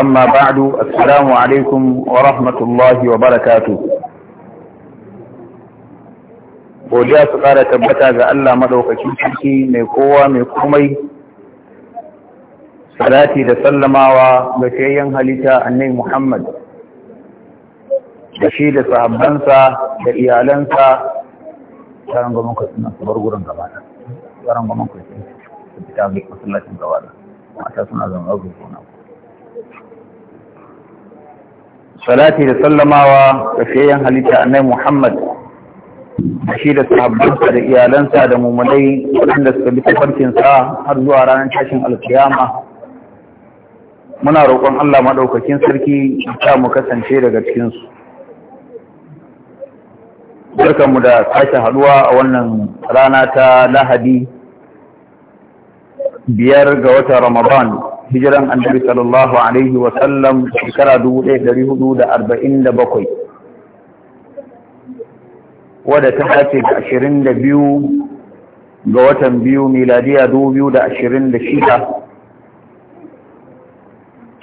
أما بعد السلام عليكم ورحمة الله وبركاته godiya su ƙara tabbata ga Allah maɗaukacin ciki mai kowa mai komai salati da sallamawa ga halitta annai Muhammad da shi da sahabbansa da iyalansa salati da sallamawa ga fiyayyen halitta annai Muhammad da shi da sahabbansa da iyalansa da mummunai waɗanda suka bi tafarkinsa har zuwa ranar tashin alkiyama muna roƙon Allah maɗaukakin sarki ta mu kasance daga cikinsu. Barkanmu da sake haɗuwa a wannan rana ta Lahadi biyar ga watan Ramadan hijiran annabi sallallahu alaihi wa sallam shekara 1447 wadda ta dace da 22 ga watan biyu miladiya 2026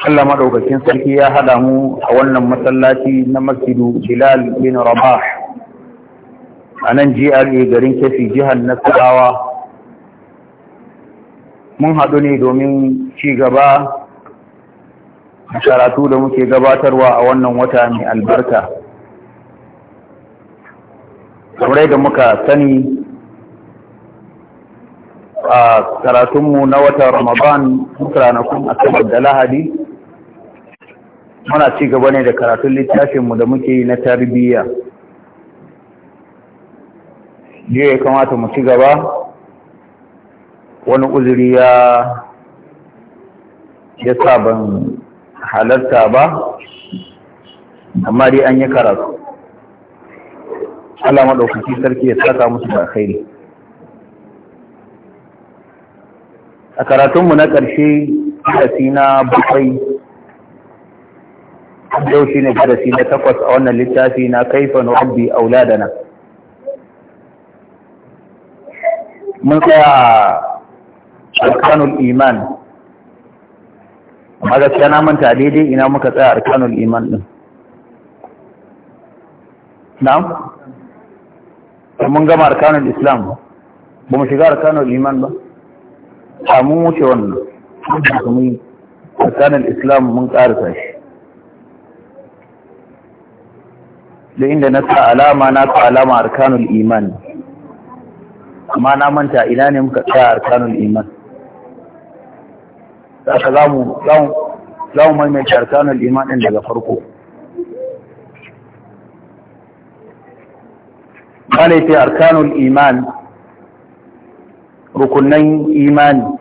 Allah madaukakin sarki ya hada mu a wannan masallaci na masjidu Bilal bin Rabah a nan GRA garin Kefi jihar Nasarawa mun haɗu ne domin ci gaba a karatu da muke gabatarwa a wannan wata mai albarka Kamarai da muka sani a karatunmu na wata ramadan ranakun asabar da lahadi muna ci gaba ne da karatun littafinmu da muke yi na tarbiyya jiya ya kamata mu ci gaba wani uzuri ya ya sa ban halarta ba amma dai an yi karatu Allah ɗaukaki sarki ya saka musu da alkhairi a karatunmu na ƙarshe darasi na bakwai yau shi ne darasi na takwas a wannan littafi na na da auladana mun tsaya arkanul iman amma gaskiya na manta daidai ina muka tsaya arkanul iman din na'am mun gama arkanul islam ba mu shiga arkanul iman ba a mun wuce wannan mun arkanul islam mun karasa shi da inda na sa alama na sa alama arkanul iman amma na manta ina ne muka tsaya arkanul iman haka za mu za mu maimaita arkanul imanin daga farko kala ce arkanul iman rukunan imani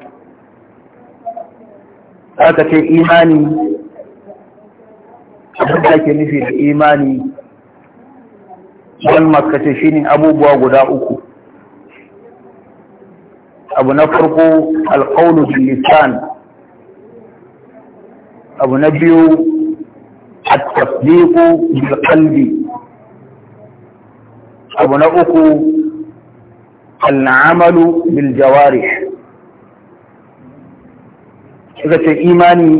aka ce imani abin da ake nufi da imani wani makace shi ne abubuwa guda uku abu na farko alƙaunin lisan abu na biyu التصديق بالقلب abu na uku al'amalu biljawari jawari suka ce imani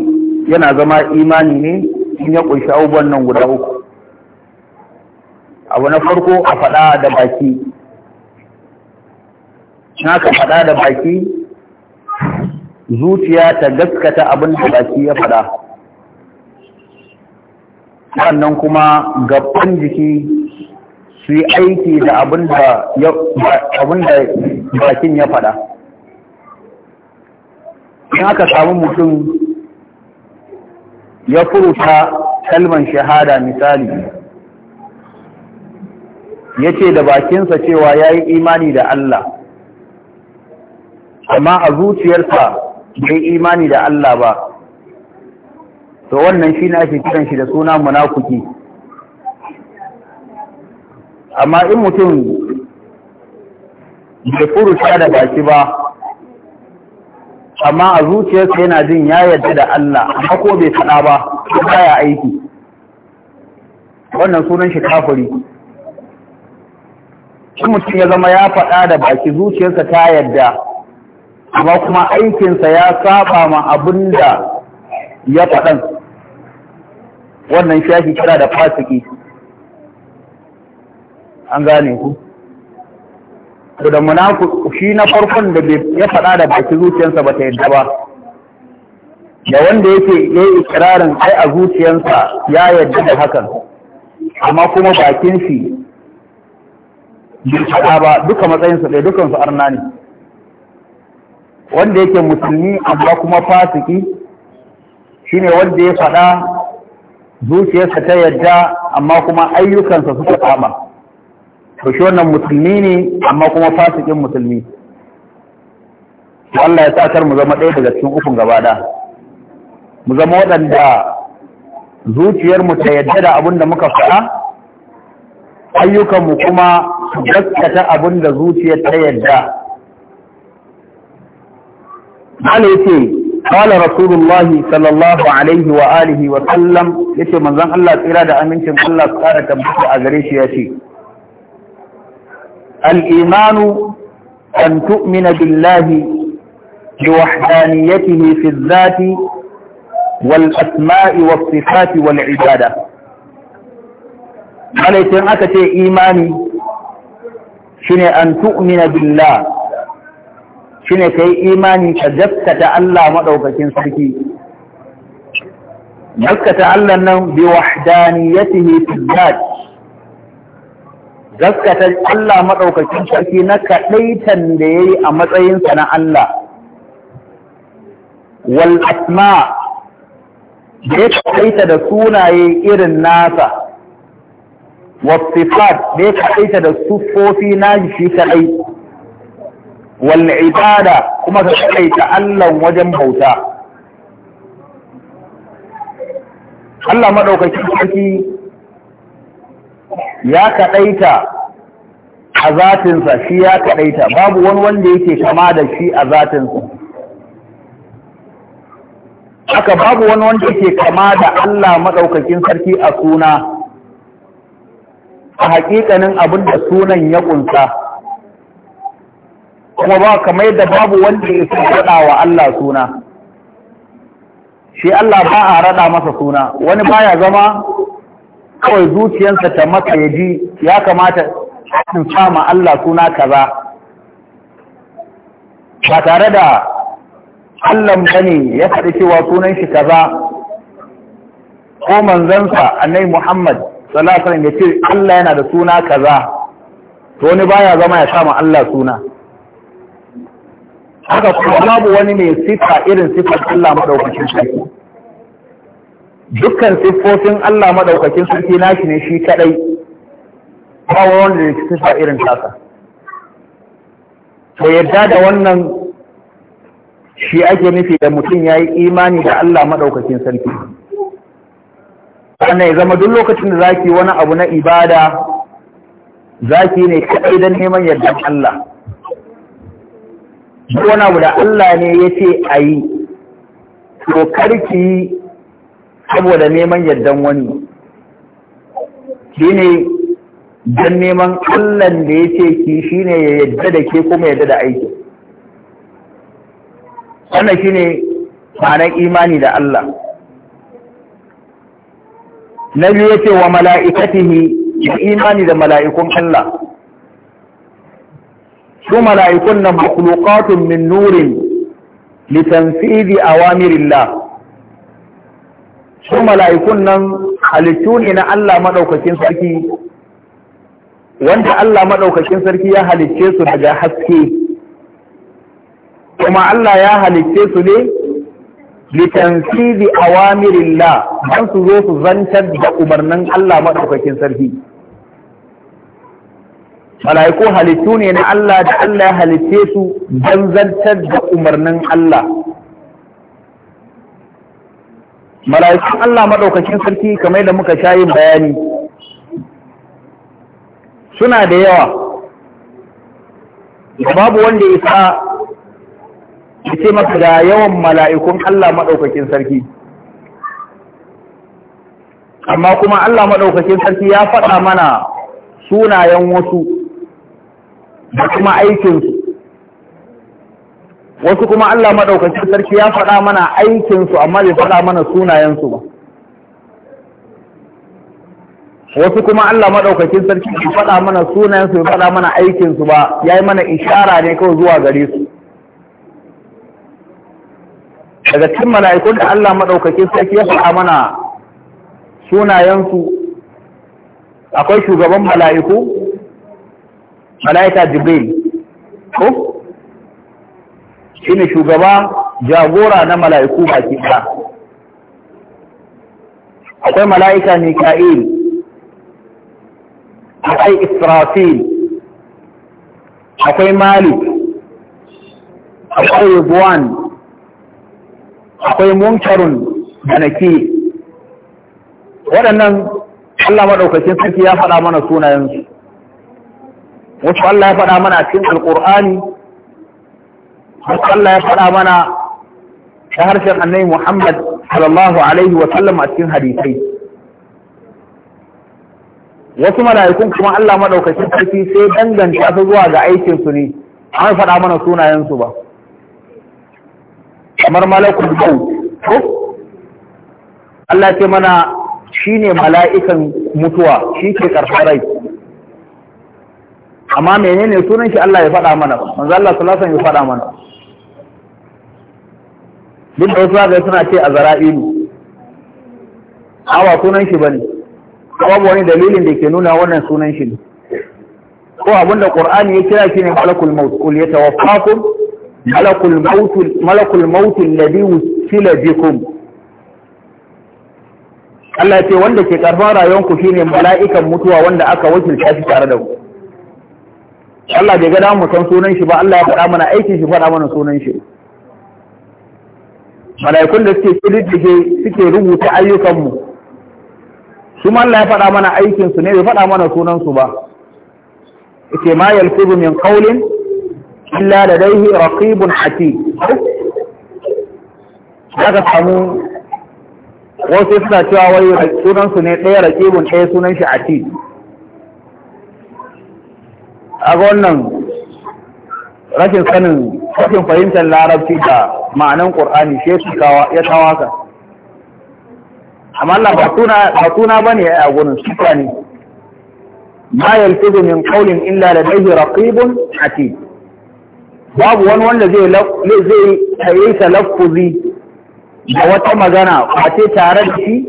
yana zama imani ne in ya ƙunshi abubuwan nan guda uku abu na farko a faɗa da baki na ka faɗa da baki zuciya ta gaskata abin da baki ya faɗa sannan kuma gaban jiki su yi aiki da abin da bakin ya faɗa in aka samu mutum ya furuta kalman shahada misali ya ce da bakinsa cewa ya yi imani da Allah amma a zuciyarsa bai imani da Allah ba to wannan shi ne ake kiran shi da suna munafuki amma in mutum bai furuta da baki ba amma a zuciyarsa yana jin ya yarda da Allah amma ko bai faɗa ba baya aiki wannan sunan shi kafiri shi mutum ya zama ya faɗa da baki zuciyarsa ta yarda amma kuma aikinsa ya saba ma da ya faɗan wannan shashi kira da fasiki an gane ku to da munafu shi na farkon da ya faɗa da baki zuciyarsa ba ta yadda ba da wanda yake yayi ikirarin ai a zuciyarsa ya yadda da hakan amma kuma bakin shi bai faɗa ba duka matsayinsa dukan dukansu arna ne wanda yake musulmi amma kuma fasiki shine wanda ya faɗa zuciyarsa ta yadda amma kuma ayyukansa suka saba to shi wannan musulmi ne amma kuma fasikin musulmi Allah ya sa kar mu zama ɗaya daga cikin ukun gaba da mu zama waɗanda zuciyarmu ta yadda da abin da muka faɗa ayyukanmu kuma su gaskata abin da zuciyar ta yadda. Mala ce. قال رسول الله صلى الله عليه وآله وسلم يتي من ظن الله إرادة أمنتم الله قال تبقى أغريش يتي الإيمان أن تؤمن بالله بوحدانيته في الذات والأسماء والصفات والعبادة قال يتي أكتي إيماني شنئ أن تؤمن بالله ne ka yi imani ka jaskata Allah maɗaukakin sarki Gaskata Allah nan bi ya fi dhati gaskata Allah maɗaukakin sarki na kaɗaitan da ya yi a matsayinsa na Allah wal asma da ya kaɗaita da sunaye irin nasa wasifat da ya kaɗaita da sufofi na shi kaɗai wal ibada kuma ka kaita Allah wajen bauta Allah madaukakin sarki ya kaɗaita a zatinsa shi ya kaɗaita babu wani wanda yake kama da shi a zatinsa haka babu wani wanda yake kama da Allah maɗaukakin sarki a suna a haƙiƙanin abinda sunan ya ƙunsa kuma ba kamar yadda babu wanda ya fi faɗa wa Allah suna shi Allah ba a raɗa masa suna wani baya zama kawai zuciyarsa ta masa ya ji ya kamata in sama Allah suna kaza ba tare da Allah bane ya faɗi cewa sunan shi kaza ko manzansa annai Muhammad sallallahu alaihi wasallam ya ce Allah yana da suna kaza to wani baya zama ya sama Allah suna haka kuma babu wani mai sifa irin sifar Allah madaukakin sarki dukkan siffofin Allah madaukakin sarki nashi ne shi kadai ba wanda da sifa irin tasa to yadda da wannan shi ake nufi da mutum ya yi imani da Allah madaukakin sarki sannan ya zama duk lokacin da zaki wani abu na ibada zaki ne kadai don neman yardan Allah duk wani abu da Allah ne ya ce a yi to karki yi saboda neman yardan wani shi ne don neman Allahn da ya ce ki shi ne ya yadda da ke kuma yadda da aiki wannan shi ne ma'anar imani da Allah na biyu ya ce wa mala'ikatihi ya imani da mala'ikun Allah su mala'ikun nan makhluqatun min nurin li tanfidi awamirillah su mala'ikun nan halittu ne na Allah maɗaukakin sarki wanda Allah maɗaukakin sarki ya halicce su daga haske kuma Allah ya halicce su ne litansibi awamirillah don su zo su zantar da umarnin Allah maɗaukakin sarki mala'iku halittu ne na Allah da Allah ya halitte su don zartar da umarnin Allah mala'ikun Allah maɗaukakin sarki kamar da muka sha yin bayani suna da yawa babu wanda ya sa ya ce maka da yawan mala'ikun Allah maɗaukakin sarki amma kuma Allah maɗaukakin sarki ya faɗa mana sunayen wasu da kuma aikinsu wasu kuma Allah maɗaukacin sarki ya faɗa mana aikinsu amma bai faɗa mana sunayensu ba wasu kuma Allah maɗaukacin sarki ya faɗa mana sunayensu bai faɗa mana aikinsu ba ya yi mana ishara ne kawai zuwa gare su daga cikin mala'ikun da Allah maɗaukacin sarki ya faɗa mana sunayensu akwai shugaban mala'iku malaika jibril ko shine shugaba jagora na mala'iku baki ba? akwai mala'ika mika'il akwai israfil akwai malik akwai ribuwan akwai munkarun da nake waɗannan allah maɗaukacin sarki ya faɗa mana sunayensu wasu Allah ya faɗa mana cikin alƙur'ani wasu Allah ya faɗa mana ta harshen annai Muhammad sallallahu alaihi wa sallam a cikin hadisai wasu mala'ikun kuma Allah maɗaukacin sarki sai danganta su zuwa ga aikinsu ne an faɗa mana sunayensu ba kamar malakul maut ko Allah ce mana shine mala'ikan mutuwa shi ke rai. amma menene sunan shi Allah ya faɗa mana ba manzo Allah sallallahu alaihi ya faɗa mana duk da wasu suna ce azra'ilu awa sunan shi bane babu wani dalilin da ke nuna wannan sunan shi ne ko abinda qur'ani ya kira shi ne malakul maut qul yatawaffakum malakul maut malakul maut alladhi wusila bikum Allah ya ce wanda ke karban rayuwanku shine mala'ikan mutuwa wanda aka wakilta shi tare da ku Allah bai gada mu san sunan shi ba Allah ya faɗa mana aikin shi faɗa mana sunan shi malaikun da suke kididdige suke rubuta ayyukanmu su ma Allah ya faɗa mana aikin su ne bai faɗa mana sunan su ba yake ma yalkubu min qawlin illa ladayhi raqibun hati daga samu wasu suna cewa wai sunan su ne ɗaya raqibun ɗaya sunan shi atid a wannan rashin sanin rashin fahimtar larabci da ma'anin ƙur'ani shi ya kawo haka amma Allah ba tuna ba ne a gurin suka ne ma yalfizu min qawlin illa ladayhi raqibun atid babu wani wanda zai zai yi lafuzi da wata magana kwace tare da shi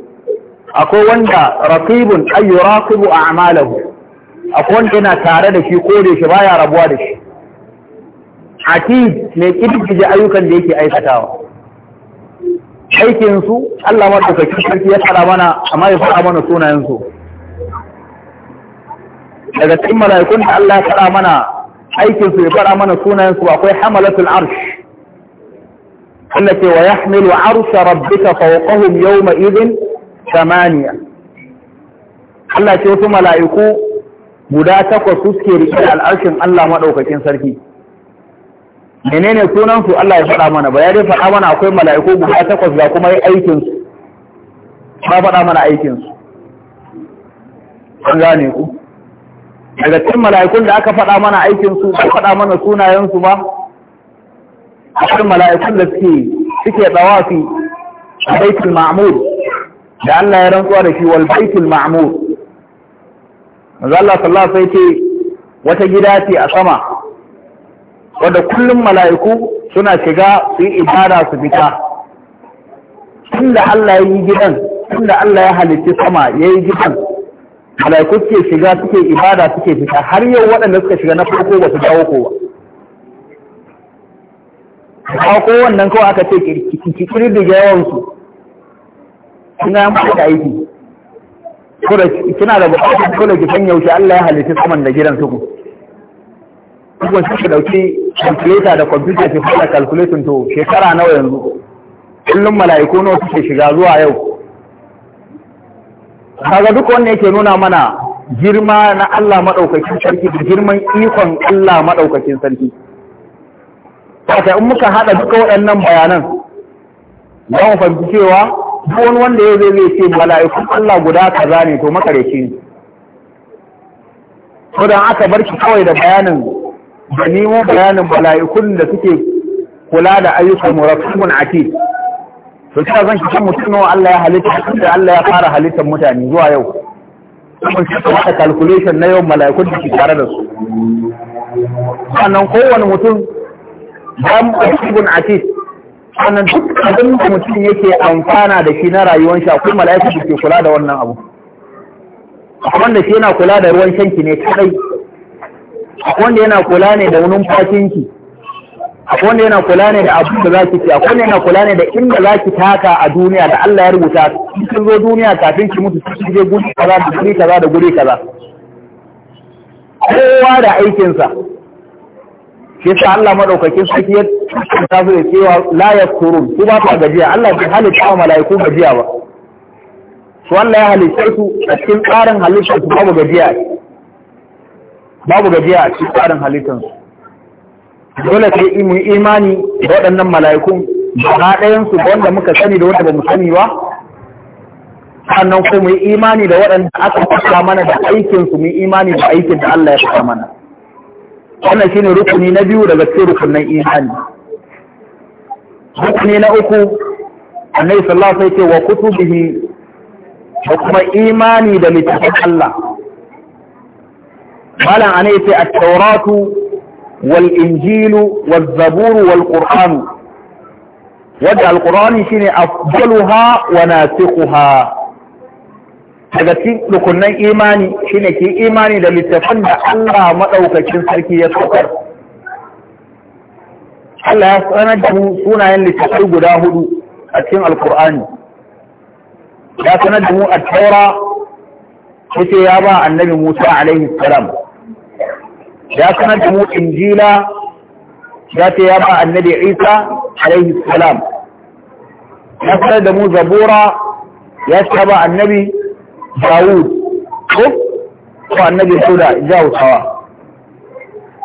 akwai wanda raqibun a a'malahu akwai wanda yana tare da shi ko da shi ba ya rabuwa da shi atid mai kididdige ayyukan da yake aikatawa aikinsu Allah maɗaukakin sarki ya tsara mana amma ya faɗa mana sunayensu daga cikin mala'ikun da Allah ya faɗa mana aikinsu ya faɗa mana sunayensu akwai hamalatul arsh Allah ce wa hamilu arsha rabbika fawqahum yawma idhin samaniya Allah ce wasu mala'iku guda takwas su suke riƙe da al'arshin Allah maɗaukakin sarki menene sunansu Allah ya faɗa mana ba ya dai faɗa mana akwai mala'iku guda takwas ga kuma aikin su ba faɗa mana aikin su an gane ku daga cikin mala'ikun da aka faɗa mana aikin su ba faɗa mana sunayen su ba akwai mala'ikun da suke suke tsawafi a baitul ma'mur da Allah ya rantsuwa da shi wal baitul ma'mur manzo Allah sallallahu alaihi wasallam wata gida ce a sama wadda kullum mala'iku suna shiga su yi ibada su fita tun Allah ya yi gidan tun Allah ya halicci sama ya yi gidan mala'iku suke shiga suke ibada suke fita har yau waɗanda suka shiga na farko ba su dawo ko ba ko wannan kawai aka ce kikiri da yawansu suna yi da aiki kuma kina da bukatar dole ki san yaushe Allah ya halitta saman da gidan su ku kuma shi ki dauki calculator da computer ki fara calculating to shekara nawa yanzu kullum mala'iku nawa suke shiga zuwa yau kaga duk wanda yake nuna mana girma na Allah madaukakin sarki da girman ikon Allah madaukakin sarki Wata in muka haɗa duka waɗannan bayanan, za mu fahimci cewa duk wani wanda ya zai ce mala'ikun Allah guda kaza ne to makareci ne to dan aka bar ki kawai da bayanin da nemo bayanin mala'ikun da suke kula da ayyukan murakkabun ati to kina zan ki san mutum Allah ya halitta da Allah ya fara halittar mutane zuwa yau kuma ki ta calculation na yau mala'ikun da ke tare da su sannan kowane mutum dan murakkabun ati sannan duk abin da mutum yake amfana da shi na rayuwar shi akwai mala'ika da ke kula da wannan abu wanda shi yana kula da ruwan shanki ne kadai wanda yana kula ne da numfashin ki Akwai wanda yana kula ne da abin da zaki ci wanda yana kula ne da inda zaki taka a duniya da Allah ya rubuta kin zo duniya kafin ki mutu kin je guri kaza da guri kaza da guri kaza kowa da aikinsa shi yasa Allah madaukakin suke ya ta da cewa la kurum. su ba ta gajiya Allah bai halitta wa mala'iku gajiya ba su Allah ya halitta su a cikin tsarin halittar su babu gajiya babu gajiya a cikin tsarin halittar su dole sai mu imani da waɗannan mala'ikun ba ɗayan su wanda muka sani da wanda ba mu sani ba sannan ko mu imani da waɗanda aka fasa mana da aikin su mu imani da aikin da Allah ya fasa mana wannan shine rukuni na biyu daga cikin rukunin imani rukuni na uku annabi sallallahu alaihi wasallam ya ce wa kutubihi da kuma imani da littafin Allah malam ana yace at-tauratu wal injilu wal zaburu wal qur'anu wadda al-qur'ani shine afdaluha wa nasikhuha daga cikin rukunan imani shine ke imani da littafin da Allah maɗaukacin sarki ya saukar Allah ya sanar da mu sunayen littafin guda hudu a cikin alkur'ani ya sanar da mu a taura yace ya ba annabi Musa alaihi salam ya sanar da mu injila ya ce ya ba annabi Isa alaihi salam ya sanar da mu zabura ya ce ba annabi dawud ko ko annabi suda jawtawa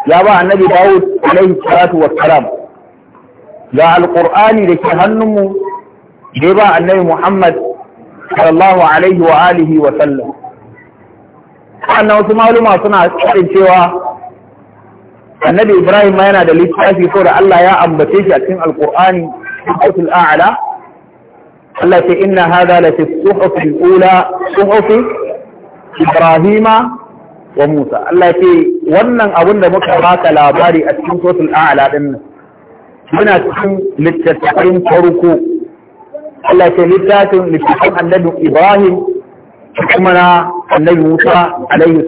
ya ba annabi dawud alaihi salatu wassalam ga alqur'ani da ke hannunmu da ba annabi muhammad sallallahu alaihi wa alihi wa sallam sannan wasu maluma suna tsarin cewa annabi ibrahim ma yana da littafi ko da allah ya ambace shi a cikin alqur'ani suratul a'la Allah ce inna hada la fi suhufi ula suhufi Ibrahima wa Musa Allah ce wannan abin da muka baka labari a cikin sotul a'la din nan muna cikin littattafin farko Allah ce littafin Ibrahim kuma na annabi Musa alaihi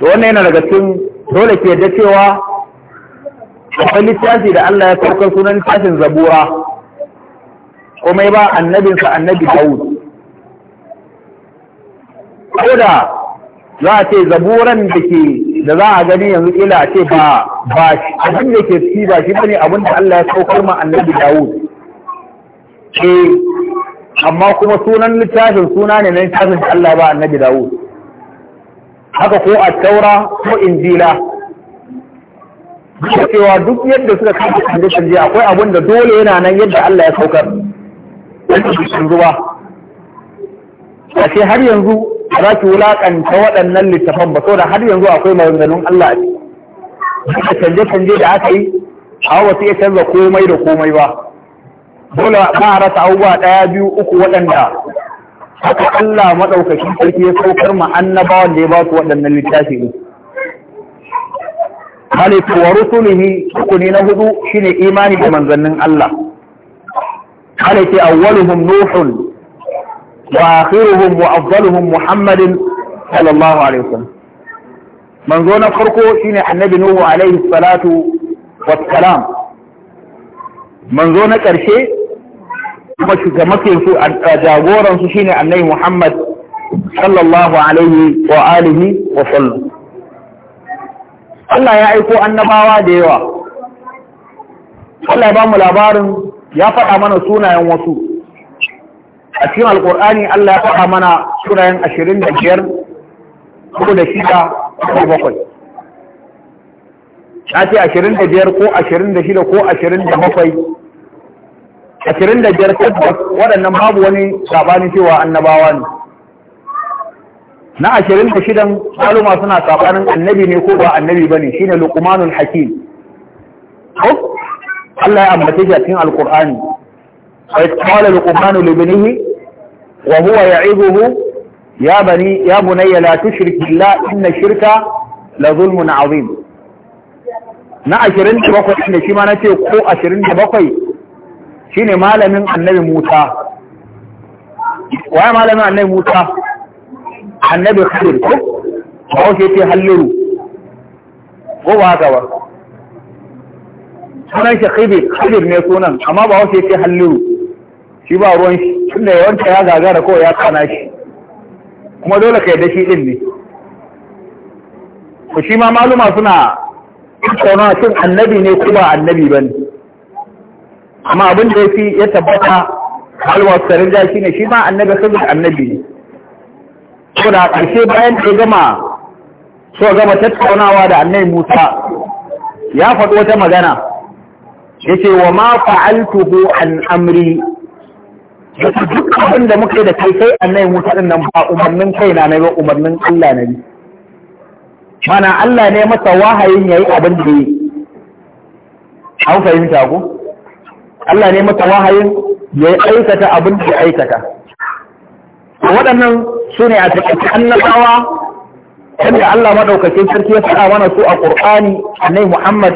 to wannan yana daga cikin dole ke da cewa akwai littafi da Allah ya sauka sunan littafin zabura komai ba annabinsa annabi Dawud ko da za a ce zaburan da ke da za a gani yanzu ila a ce ba ba shi abin da ke ci ba shi bane abin da Allah ya saukar ma annabi Dawud eh amma kuma sunan littafin suna ne na littafin da Allah ba annabi Dawud haka ko a taura ko injila duk cewa duk yadda suka kama canje-canje akwai abin da dole yana nan yadda Allah ya saukar cikin ruwa a ce har yanzu za ki wulaƙanta waɗannan littafan ba saboda har yanzu akwai maganganun Allah a canje-canje da aka yi a su iya canza komai da komai ba dole ba a rasa abubuwa ɗaya biyu uku waɗanda haka Allah maɗaukaki sarki ya saukar ma annabawan da ya ba su waɗannan littafi ne maliku wa rusulihi rukuni na hudu shine imani da manzannin Allah halaki awwaluhum nuhun wa akhiruhum wa afdaluhum muhammadin sallallahu alaihi wasallam manzo na farko shine annabi nuhu alaihi salatu wassalam manzo na ƙarshe, kuma shugabakin su jagoran su shine annabi muhammad sallallahu alaihi wa alihi wa sallam Allah ya aiko annabawa da yawa Allah ya ba mu labarin ya faɗa mana sunayen wasu a cikin alƙur'ani Allah ya faɗa mana sunayen ashirin da biyar ko da shida ko bakwai ya ce ashirin da biyar ko ashirin da shida ko ashirin da bakwai ashirin da biyar tabbas waɗannan babu wani sabanin cewa annabawa ne na ashirin da shidan maluma suna sabanin annabi ne ko ba annabi bane shine luqmanul hakim Allah ya ambace shi a cikin alqur'ani wa qala luqmanu li ibnihi wa huwa ya'iduhu ya bani ya bunayya la tushrik billah inna shirka la zulmun azim na ashirin da bakwai ne shi ma na ce ko ashirin da bakwai shine malamin annabi Musa waye malamin annabi muta? annabi khadir ko ba wace ce halluru ko ba haka ba sunan shi khidir khidir ne sunan amma ba wace ce halluru shi ba ruwan shi tunda yawanta ya gagara ko ya kana shi kuma dole ka yadda shi din ne ko shi ma maluma suna tattauna cin annabi ne ko ba annabi ba ne amma abin da ya fi ya tabbata halwa sarin da shi ne shi ma annabi sabon annabi ne ko da ƙarshe bayan da ya gama so gama tattaunawa da annai musa ya faɗo wata magana ya ce wa ma fa'altuhu an amri da su duk abin da muka yi da kai sai annai musa ɗin nan ba umarnin kai na ba umarnin allah na bi mana allah ne masa wahayin ya yi abin da yi an fahimta ku allah ne masa wahayin ya yi aikata abin da ya aikata waɗannan su ne a cikin annabawa yadda Allah madaukakin sarki ya faɗa mana su a Qur'ani annai Muhammad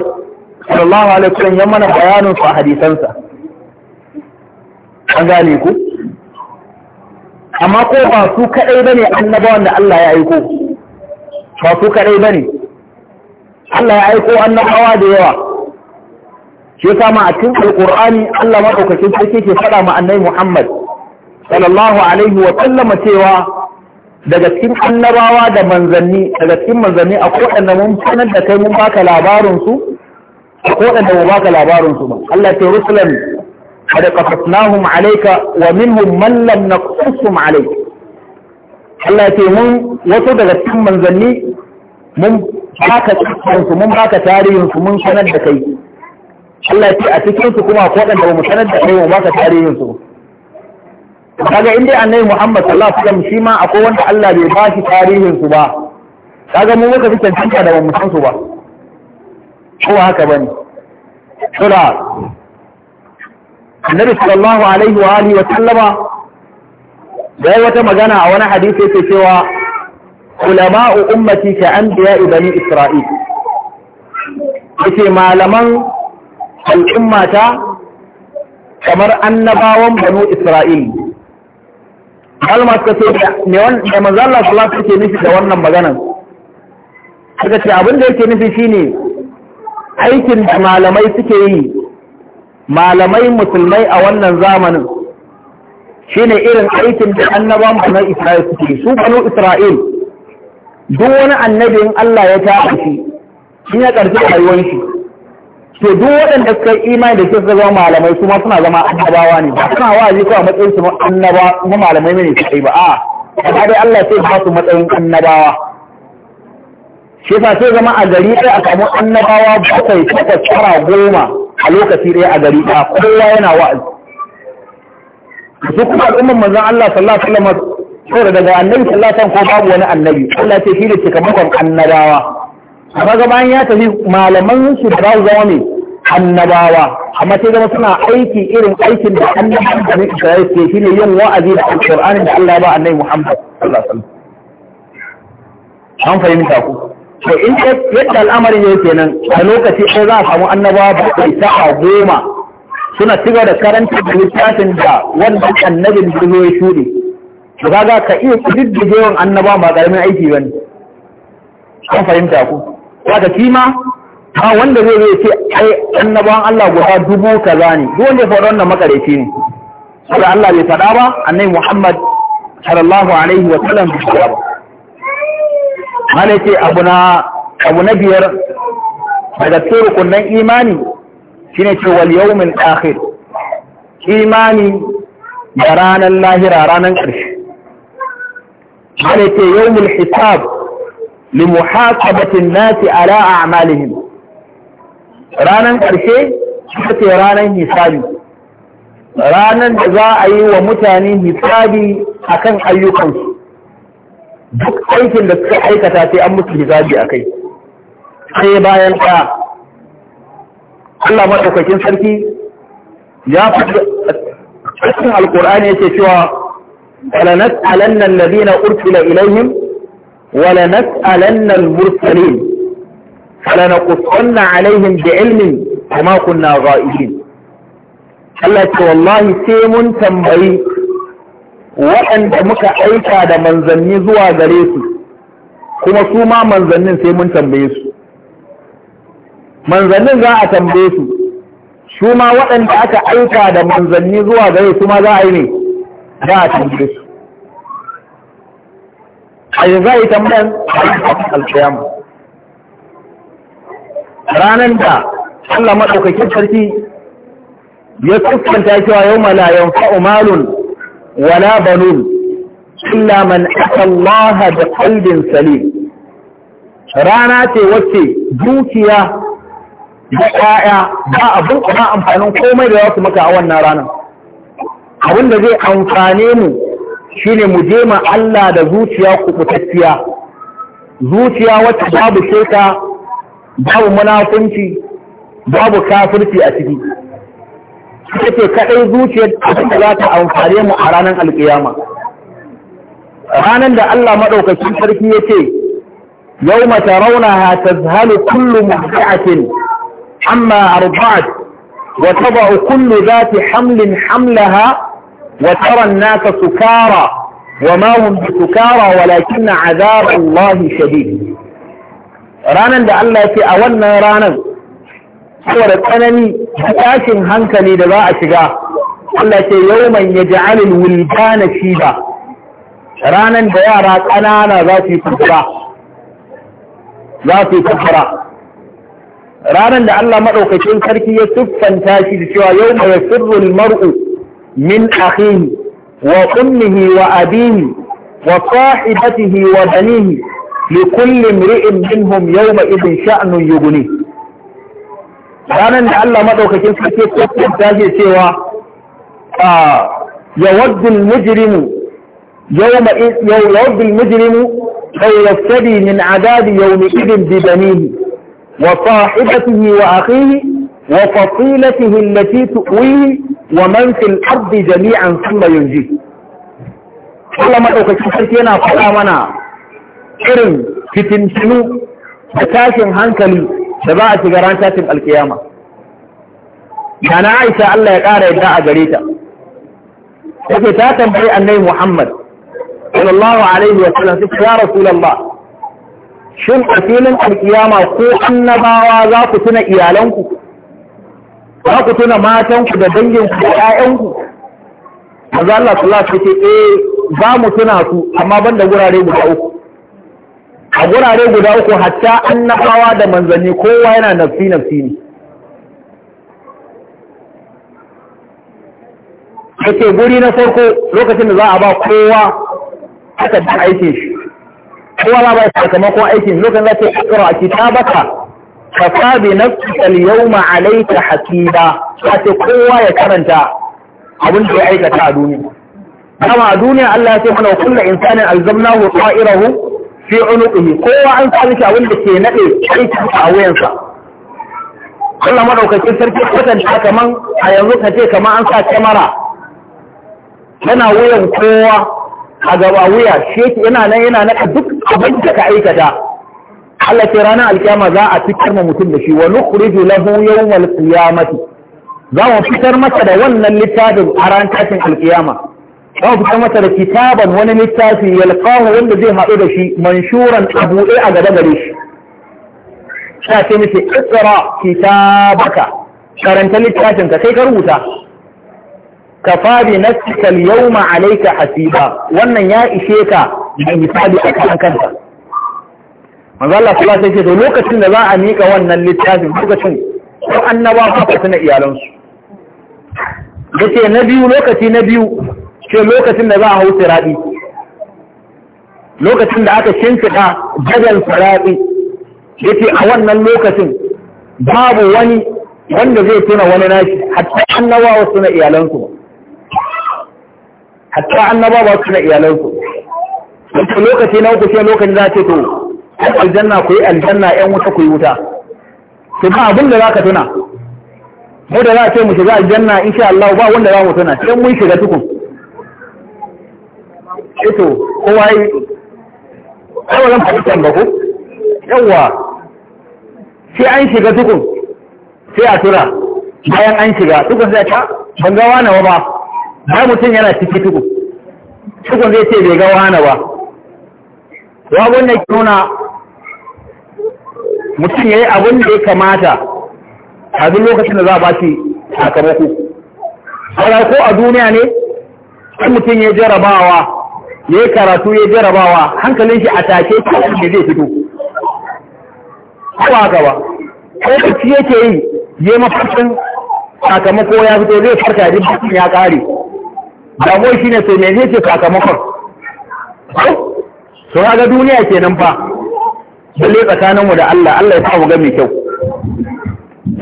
sallallahu alaihi wasallam ya mana bayanin su a hadisansa an gane ku amma ko ba su kadai bane annabawan da Allah ya aiko ba su kadai bane Allah ya aiko annabawa da yawa shi sama a cikin Alƙur'ani qurani Allah madaukakin sarki ke faɗa ma annai Muhammad sallallahu alaihi wa sallama cewa daga cikin annabawa da manzanni daga cikin manzanni a kowanne mun sanar da kai mun baka labarin su a kowanne mun baka labarin su ba Allah ya ce rusulan qad qasasnahum alayka wa minhum man lam naqsusum alayk Allah ya mun wasu daga cikin manzanni mun baka cikin su mun baka tarihin su mun sanar da kai Allah ya ce a cikin su kuma kowanne mun sanar da kai mun baka tarihin su ba. kaga in dai annabi Muhammad sallallahu alaihi wasallam shi ma akwai wanda Allah bai ba shi tarihin su ba kaga mu muka fi cancanta da bamu san su ba ko haka bane sura annabi sallallahu alaihi wa alihi wa sallama da yayi wata magana a wani hadisi yake cewa ulama'u ummati ka anbiya'i bani isra'il yace malaman al'ummata kamar annabawan banu isra'il malama suka ce da manzo Allah ke nufi da wannan maganan suka ce abin da yake nufi shine aikin da malamai suke yi malamai musulmai a wannan zamanin shine irin aikin da annabawan na Isra'il suke su banu Isra'il duk wani annabin Allah ya tafi shi ya ƙarfi a rayuwar shi ke duk waɗanda suka yi imani da ke suka zama malamai su ma suna zama annabawa ne ba suna wa'azi kawai matsayin su annaba kuma malamai ne su yi ba a ba dai Allah sai ba su matsayin annabawa shi yasa sai zama a gari ɗaya a samu annabawa bakwai takwas tara goma a lokaci ɗaya a gari ɗaya kowa yana wa'azi su kuma al'ummar manzon Allah sallallahu alaihi wasallam saboda daga annabi sallallahu alaihi wasallam ko babu wani annabi Allah ce shi ne cikamakon annabawa kaga bayan ya tafi malaman su da babu zama ne annabawa amma sai zama suna aiki irin aikin da annabawan da ne Isra'il ke shine yin wa'azi da alqur'ani da Allah ba annabi Muhammad sallallahu alaihi wasallam an fahimta ku to in yadda al'amarin yake kenan a lokaci ko za a samu annabawa ba kai sa'a goma suna cigaba da karanta da littafin da wanda annabin da ya shuɗe to kaga ka iya kudin da annabawa ba karamin aiki bane an fahimta ku wata kima ta wanda zai zai ce ai annabawan Allah guda dubu kaza ne duk wanda ya faɗa wannan makareci ne saboda Allah bai faɗa ba annabi Muhammad sallallahu alaihi wa sallam bai faɗa ba mala ce abu na abu na biyar daga cikin rukunan imani shine ce wal yawmin akhir imani da ranar lahira ranar ƙarshe mala ce hisab li ala'a nasi ala a'malihim ranan karshe ce ranan hisabi ranan da za a yi wa mutane hisabi akan ayyukansu duk aikin da suka aikata sai an musu hisabi akai sai bayan ta Allah madaukakin sarki ya faɗi cikin alkur'ani yake cewa falanat alannan ladina urtula ilaihim wala nas'alanna al-mursalin fala naqussanna alaihim bi ilmin kuma kunna ghaibin Allah ce wallahi sai mun tambayi waɗanda muka aika da manzanni zuwa gare su kuma su ma manzannin sai mun tambaye su manzannin za a tambaye su su ma waɗanda aka aika da manzanni zuwa gare su ma za a yi ne za a tambaye su a yanzu a yi tambayan alkiyama ranar da Allah maɗaukakin sarki ya kuskanta cewa yau malayan fa'umalun wala banun illa man asallaha da kalbin salim rana ce wacce dukiya da ƙaya ba abin kuma amfanin komai da za su maka a wannan ranar abinda zai amfane mu shine mu je ma Allah da zuciya kubutacciya zuciya wacce babu shirka babu munafunci babu kafirci a ciki ita ce kadai zuciyar da za ta amfane mu a ranar alkiyama ranar da Allah madaukakin sarki ya ce yau mata rauna ha ta zahalu kullum mutu'atin amma arba'at wa taba'u kullu zati hamlin hamlaha وترى الناس سكارى وما هم بسكارى ولكن عذاب الله شديد ranan da Allah ya ce a wannan ranan saboda tsanani tashin hankali da za a shiga Allah ce yawman yaj'alul wildana ba. ranan da yara ƙanana za su yi kufra za su yi kufra ranan da Allah madaukakin sarki ya tuffanta shi da cewa yawma ya al-mar'u من أخيه وأمه وأبيه وصاحبته وبنيه لكل امرئ منهم يومئذ شأن يبنيه فأنا نعلم مدوك كيف تكتب تاجي سوى آه، يود المجرم يوم يود المجرم لو يفتدي من عذاب يومئذ ببنيه وصاحبته وأخيه وفصيلته التي تؤويه wa man fil ardi jami'an thumma yunji Allah madaukakin sarki yana faɗa mana irin fitintinu da tashin hankali da za a shiga ran tashin alkiyama na Aisha Allah ya ƙara yadda a gare ta take ta tambayi annabi Muhammad sallallahu alaihi wa sallam sai ya rasulullah shin a filin alkiyama ko annabawa za ku tuna iyalanku za ku tuna matanku da danginku da ƴaƴanku manzo Allah su lafi ce, eh za mu tuna su amma ban da gurare guda uku a gurare guda uku hatta an annabawa da manzanni kowa yana nafi nafi ne yake guri na farko lokacin da za a ba kowa aka da aikin shi kowa ba ba sakamakon aikin lokacin za ta yi a kitabaka kafa bi nafsika al-yawma alayka hasiba ce kowa ya karanta abin da ya aikata a duniya kama a duniya Allah ya ce mana kullu insanin alzamnahu ta'irahu fi unuqihi kowa an sami mishi abin da ke nade aikin a wayansa Allah madaukakin sarki ta kaman a yanzu kace kaman an sa kamera yana wuyan kowa a gaba wuya shi yana nan yana naka duk abin da ka aikata Allah ce ranar alkiyama za a fitar ma mutum da shi wa nukhriju lahu yawmal qiyamati za mu fitar masa da wannan littafin a ran tashin alkiyama za mu fitar masa da kitaban wani littafi yalqahu wanda zai haɗu da shi manshuran a buɗe a gaba gare shi sha ce mishi isra kitabaka karanta littafin ka kai ka rubuta kafa bi nafsika al-yawma alayka hasiba wannan ya ishe ka da misali a kan kanka manzo Allah sallallahu sai ce to lokacin da za a mika wannan littafin lokacin ko annabawa ba su na iyalansu yace na biyu lokaci na biyu ce lokacin da za a hau siradi lokacin da aka shimfiɗa jadal da yace a wannan lokacin babu wani wanda zai tuna wani nashi hatta annabawa su na iyalansu hatta annabawa su na iyalansu lokaci na uku ce lokacin za a ce to ɗan aljanna ku yi aljanna 'yan wuta ku yi wuta to ba abin da za ka tuna mu da za a ce mu shiga aljanna insha Allah ba wanda za mu tuna sai mun shiga tukun ito eh kowa yi kowa zan faɗi ba ku yawwa sai an shiga tukun sai a tura bayan an shiga tukun sai ta ah, ban ga nawa ba ba mutum yana ciki tukun tukun zai ce bai ga nawa. wa wannan nuna mutum ya yi abin da ya kamata a duk lokacin da za a ba shi sakamako saura ko a duniya ne ɗan mutum ya jarabawa ya yi karatu ya jarabawa hankalin shi a take kawai da zai fito ko haka ba ko bacci yake yi ya mafarkin sakamako ya fito zai farka da mutum ya ƙare. damuwa shi ne sai mai zai ce sakamakon so ga duniya kenan fa lalle tsakaninmu da Allah Allah ya sa mu ga mai kyau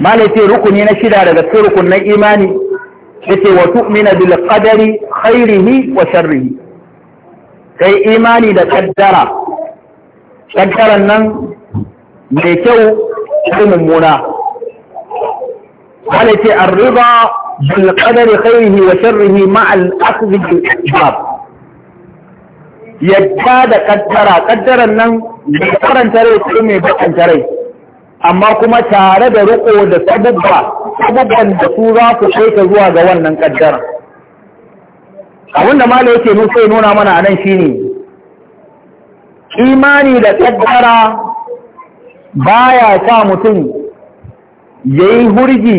malai ce rukuni na shida daga cikin rukunin imani yace wa tu'mina bil qadari khairihi wa sharrihi kai imani da kaddara kaddaran nan mai kyau ko mummuna malai ce ar-ridha bil qadari khairihi wa sharrihi ma'a al-akhdh bil yadda da kaddara kaddaran nan da karanta rai ko mai bakanta rai amma kuma tare da riko da sabubba sabubban da su za su kai ka zuwa ga wannan kaddara abinda malai yake nuna sai nuna mana anan shine imani da kaddara baya sa mutum yayi hurgi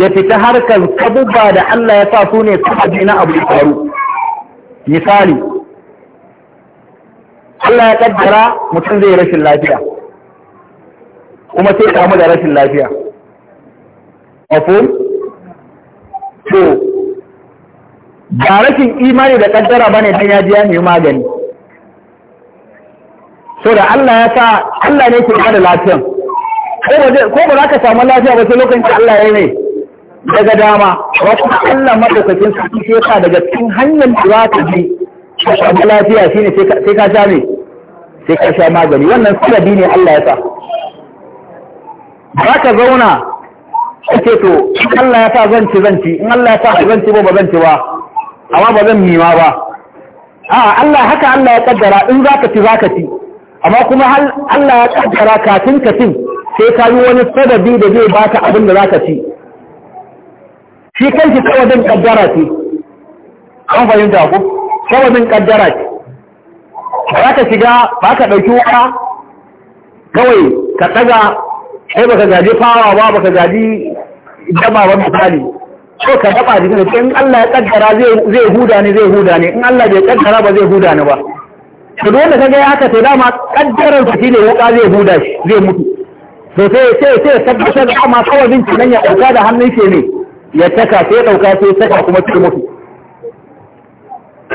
ya fita harkar sabubba da Allah ya sa su ne sababi na abu faru misali Allah ya kaddara mutum zai rashin lafiya kuma sai kamu da rashin lafiya to ba rashin imani da kaddara ne don ya ji ya nemi magani so da Allah ya sa Allah ne ke da lafiyan ko ba za ka samu lafiya ba sai lokacin da Allah ya ne? daga dama wasu Allah madaukakin sun sai ka daga cikin hanyar da za ka ji ka samu lafiya ne sai ka sha mai sai ka sha magani wannan sanadi ne Allah ya sa ba ka zauna ake to in Allah ya sa zan ci zan ci in Allah ya sa zan ci ba ba zan ci ba amma ba zan nima ba a Allah haka Allah ya kaddara in za ka ci za ka ci amma kuma Allah ya kaddara kafin ka cin sai ka yi wani sanadi da zai baka abin da za ka ci shi kanki sababin kaddara ce an fahimta ku sababin kaddara ce ba ka shiga ba ka ɗauki wuka kawai ka ɗaga sai ba ka gaji fawa ba ka gaji dama ba misali ko ka daba jikin da in Allah ya kaddara zai huda ne zai huda ne in Allah bai kaddara ba zai huda ne ba to duk wanda kaga ya haka to dama kaddarar sa shine wuka zai huda shi zai mutu to sai sai sai tabbatar da ma kawai din nan ya dauka da hannun shi ne ya taka sai dauka sai saka kuma sai mutu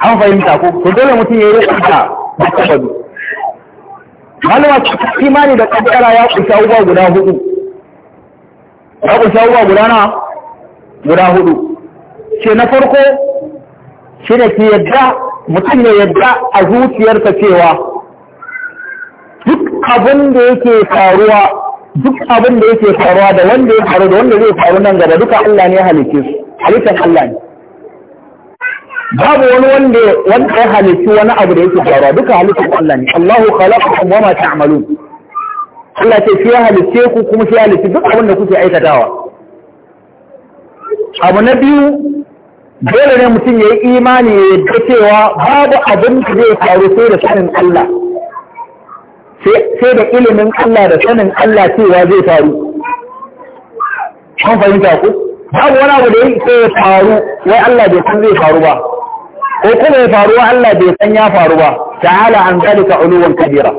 an fahimta ko to dole mutum ya yi rubuta da kabari malama cikin imani da kaddara ya kusa uba guda hudu ya kusa uba guda na guda hudu ce na farko shi ne ki yadda mutum ya yadda a zuciyarsa cewa duk abin da yake faruwa duk abin da yake faruwa da wanda ya faru da wanda zai faru nan gaba duka Allah ne halitta su halittar Allah ne babu wani wanda wanda ya halittu wani abu da yake faruwa duka halittar Allah ne Allahu khalaqakum kuma ma ta'malun Allah ce shi ya halitte ku kuma shi ya halitte duk abin da kuke aikatawa abu na biyu dole ne mutum ya yi imani ya yadda cewa babu abin da zai faru sai da sanin Allah sai da ilimin Allah da sanin Allah cewa zai faru kan fahimta ku babu wani abu da yake faru wai Allah bai san zai faru ba ko kuma ya faruwa Allah bai san ya faru ba ta'ala an zalika uluwan kabira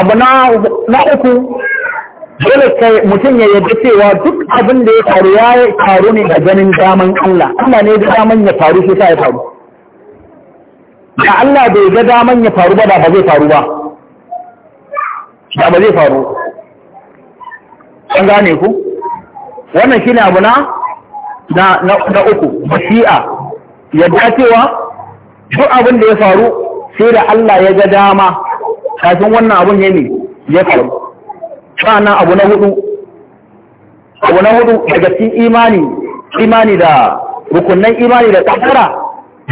abu na uku dole mutum ya yadda cewa duk abin da ya faru ya faru ne da ganin daman Allah Allah ne da daman ya faru shi ya faru da Allah bai ga daman ya faru ba da ba zai faru ba da ba zai faru an gane ku wannan shine abu na na uku bashi'a yadda cewa duk abin da ya faru sai da Allah ya ga dama kafin wannan abin ya ne ya faru sa'annan abu na hudu abu na hudu daga cikin imani imani da rukunnan imani da tsakara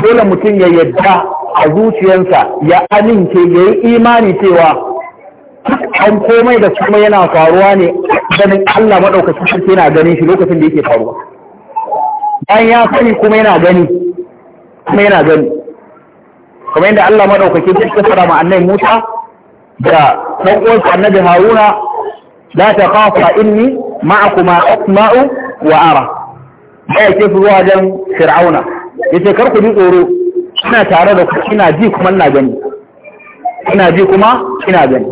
dole mutum ya yadda a zuciyarsa ya amince ya yi imani cewa an komai da kuma yana faruwa ne ganin Allah maɗaukacin sarki yana ganin shi lokacin da yake faruwa bayan ya sani kuma yana gani kuma yana gani kuma yadda Allah madaukake ya ce fara ma Musa da ɗan uwansa annabi Haruna la taqafa inni ma'akuma asma'u wa ara sai ke zuwa wajen Fir'auna yace kar ku ji tsoro ina tare da ku ina ji kuma ina gani ina ji kuma ina gani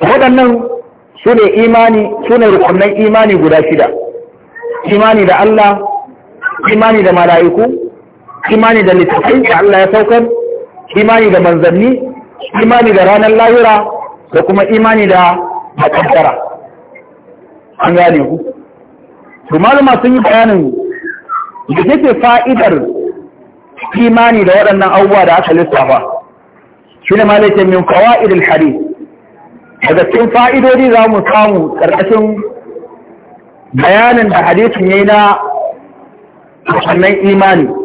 waɗannan su ne imani su ne rukunan imani guda shida imani da Allah imani da mala'iku imani da littafai da Allah ya saukar imani da manzanni imani da ranar lahira da kuma imani da makaddara an gane ku to malama sun yi bayanin da take fa'idar imani da waɗannan abubuwa da aka lissafa shi ne malakin min idil hadith daga cikin fa'idodi za mu samu ƙarƙashin bayanin da hadisin yayi na wannan imani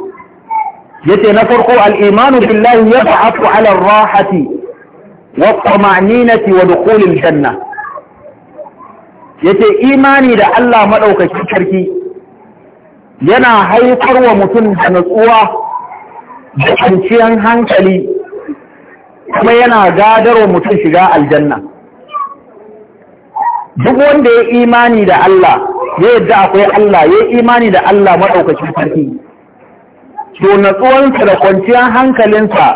yace na farko al-imanu billahi yab'athu ala ar-rahati wa tamaninati wa dukhul al-janna yace imani da Allah madaukakin sarki yana haifar wa mutum da natsuwa da kwanciyar hankali kuma yana gadar wa mutum shiga aljanna duk wanda ya imani da Allah ya yadda akwai Allah ya imani da Allah maɗaukacin sarki to natsuwansa da kwanciyar hankalinsa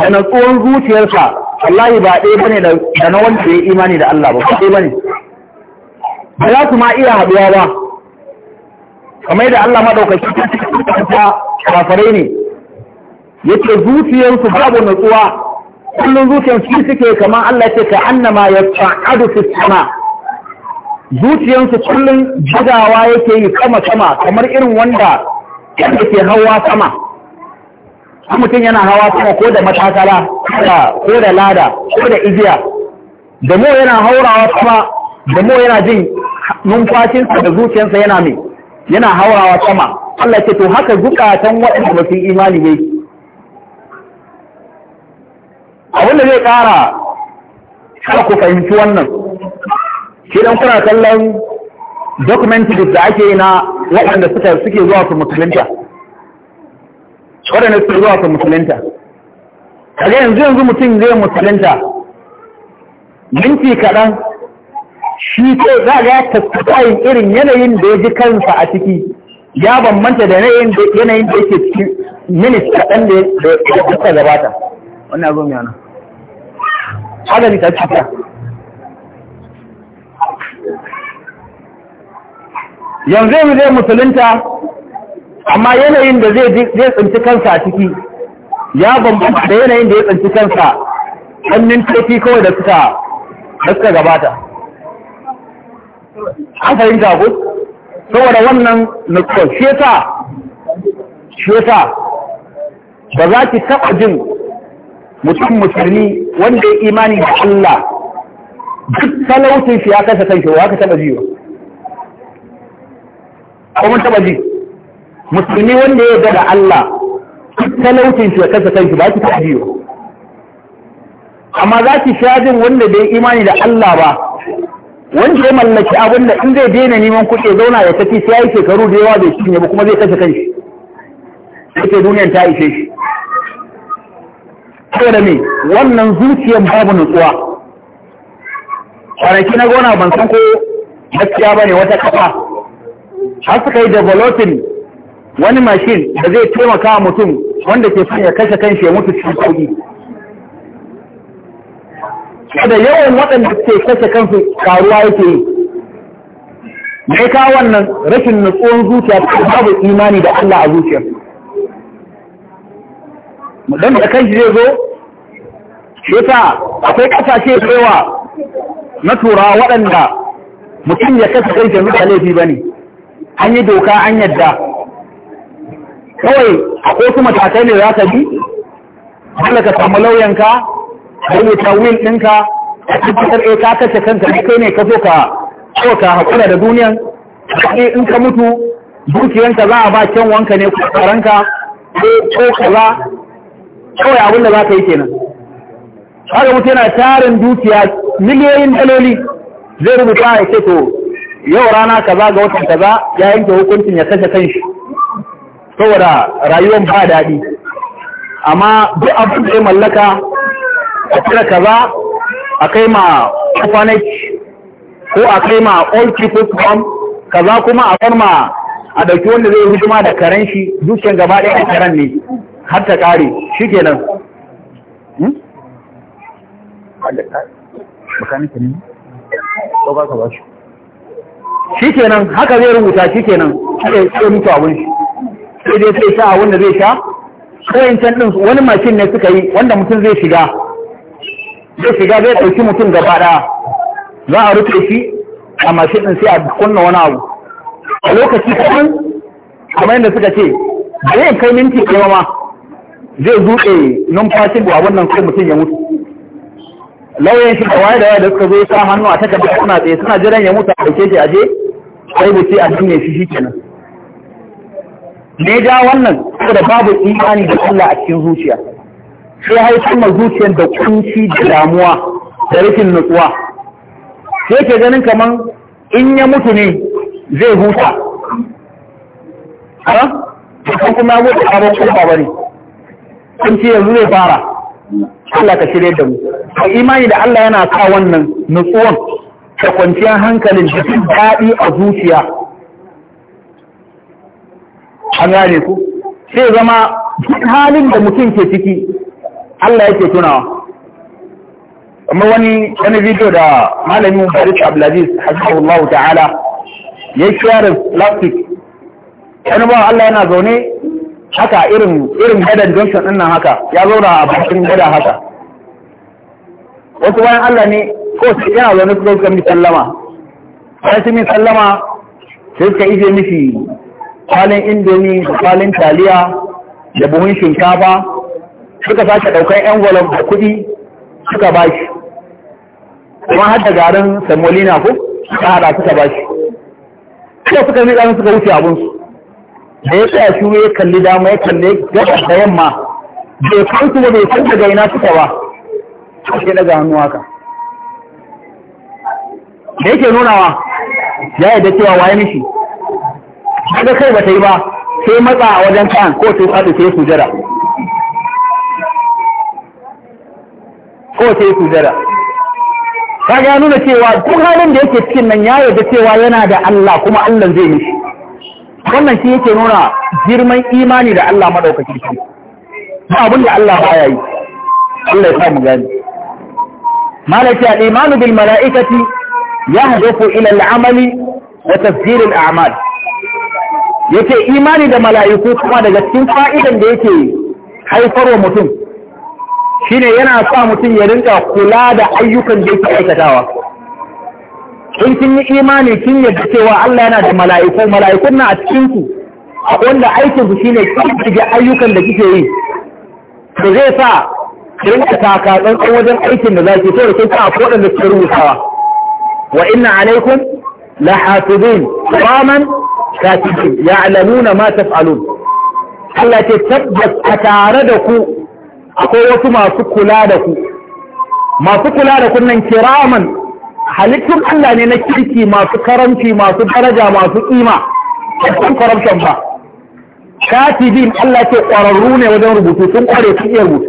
da natsuwan zuciyarsa wallahi ba ɗaya bane da na wanda ya imani da Allah ba ba ɗaya bane ba za su ma iya haɗuwa ba kamar da Allah maɗaukaki ta kafarai ne yake zuciyarsu babu natsuwa kullum zuciyar su suke kamar Allah ce ka annama ya ta'adu su sama zuciyarsu kullum bugawa yake yi sama sama kamar irin wanda yadda ke hawa sama a mutum yana hawa sama ko da matakala ko da lada ko da igiya da mo yana haurawa sama da mo yana jin numfashinsa da zuciyarsa yana mai yana haurawa sama Allah ce to haka zukatan waɗanda ba su imani ne abin da zai ƙara kada ku fahimci wannan shi dan kuna kallon documented da ake yi na waɗanda suke zuwa su musulunta waɗanda suke zuwa su musulunta kaga yanzu yanzu mutum zai musulunta minti kaɗan shi ce za ga tasirkayin irin yanayin da ya ji kansa a ciki ya bambanta da yanayin da yake ciki minis kaɗan da ya kusa gabata wannan zo mai yana hagani ta cikin yanzu zai musulunta amma yanayin da zai tsinci kansa a ciki ya bambanta da yanayin da ya tsinci kansa hannun tafi kawai da suka da suka gabata an fahimta ku saboda wannan nutsuwar sheta sheta ba za ki taɓa jin mutum musulmi wanda ya imani da Allah duk talautin shi ya kasa shi, ba ka taɓa jiwa ba ko mun taba ji musulmi wanda ya gada Allah talaucin shi da kansa kanki ba ki ta jiyo amma za ki sha jin wanda bai imani da Allah ba wanda ya mallaki abin da in zai daina neman kuɗi zauna ya tafi sai yi shekaru da yawa bai cinye ba kuma zai kashe kanshi sai duniyan ta ishe shi saboda me wannan zuciyar babu nutsuwa kwanaki na gona ban san ko gaskiya ba ne wata kafa har suka yi developing wani mashin da zai taimaka wa mutum wanda ke son ya kashe kanshi ya mutu cikin sauki da yawan waɗanda ke kashe kansu karuwa yake yi mai kawo wannan rashin nutsuwan zuciya ta babu imani da Allah a zuciya dan da shi zai zo shi ta akwai kasashe da yawa na turawa waɗanda mutum ya kashe kanshi ya mutu laifi ne. an yi doka an yadda kawai ko su matakai ne za ka bi wanda ka samu lauyanka ka rubuta wil ɗinka a cikin eh ka kashe kanka ne kai ne ka so ka ka haƙura da duniyan eh in ka mutu dukiyanka za a ba kyan wanka ne ko ko kaza kawai abin da za ka yi kenan haka mutu yana tarin dukiya miliyoyin daloli zai rubuta ya ce to yau rana kaza ga watan kaza ya yanke hukuncin ya kashe kanshi saboda rayuwar ba daɗi amma duk abin da ya mallaka a cire kaza a kai ma orphanage ko a kai ma all people's home kaza kuma a bar ma a ɗauki wanda zai hidima da karen shi dukkan gaba ɗaya karen ne har ta ƙare shi kenan ne? Hmm? Ɗauka ka ba shi. shi kenan haka zai rubuta shi kenan tsaye mutu abin shi sai dai sai sha abin da zai sha kawai can ɗin wani mashin ne suka yi wanda mutum zai shiga zai shiga zai ɗauki mutum gaba ɗaya za a rufe shi a mashin ɗin sai a kunna wani abu a lokaci kaɗan kamar yadda suka ce zai kai minti ɗaya ma zai zuɗe numfashin da abin nan kai mutum ya mutu lauyan shi da waye da waye da suka zo sa hannu a takarda suna tsaye suna jiran ya mutu a dauke shi aje sai mu ce a dinne shi shikenan ne da wannan saboda babu imani da Allah a cikin zuciya sai haifar ma zuciyar da kunci da damuwa da rikin nutsuwa sai ke ganin kaman in ya mutu ne zai huta ha? kuma ya mutu abin kuma ba ne Kunci yanzu zai fara Allah ka shirye da mu Ka imani da Allah yana sa wannan nutsuwan da kwanciyar hankalin jikin daɗi a zuciya an gane ku sai zama duk halin da mutum ke ciki Allah yake tunawa amma wani wani video da malamin Farid Abdulaziz hajjahullahu ta'ala ya share plastic wani ba Allah yana zaune haka irin irin gadan johnson din nan haka ya zauna a bakin gada haka wasu bayan allah ne ko sai yana zaune su suka mi sallama sai su mi sallama sai suka ije mishi kwalin indomi da kwalin taliya da buhun shinkafa suka sake ɗaukar envelope da kuɗi suka ba shi kuma har da garin samolina ko suka hada suka ba shi suka suka miƙa suka wuce abun su. da ya tsaya shi ya kalli dama ya kalli gaba da yamma bai kai kuma bai san daga ina suka ba ke daga hannu haka da yake nunawa ya yi da cewa waye mishi daga kai ba ta yi ba sai matsa a wajen kan ko sai faɗi sai sujada ko sai sujada kaga ya nuna cewa duk halin da yake cikin nan ya da cewa yana da Allah kuma Allah zai mishi wannan shi yake nuna girman imani da Allah maɗaukaki shi ba abin da Allah ya yi Allah ya samu gani malaka imanu bil mala'ikati yahdufu ila al wa tafsir al-a'mal yake imani da mala'iku kuma daga cikin fa'idan da yake haifarwa mutum shine yana sa mutum ya rinka kula da ayyukan da yake aikatawa in kin yi imani kin yadda cewa Allah yana da mala'iku mala'ikun na a cikin ku wanda aikin su shine kirkige ayyukan da kike yi to zai sa kin ka taka tsantsan wajen aikin da zaki to kin ka ko da kike rubutawa wa inna alaikum la hafidun kiraman katibin ya'lamuna ma taf'alun Allah ce tabbas tare da ku akwai wasu masu kula da ku masu kula da kunnan kiraman halittun Allah ne na kirki masu karamci masu daraja masu kima ba corruption ba katibin Allah ke ƙwararru ne wajen rubutu sun ƙware sun iya rubutu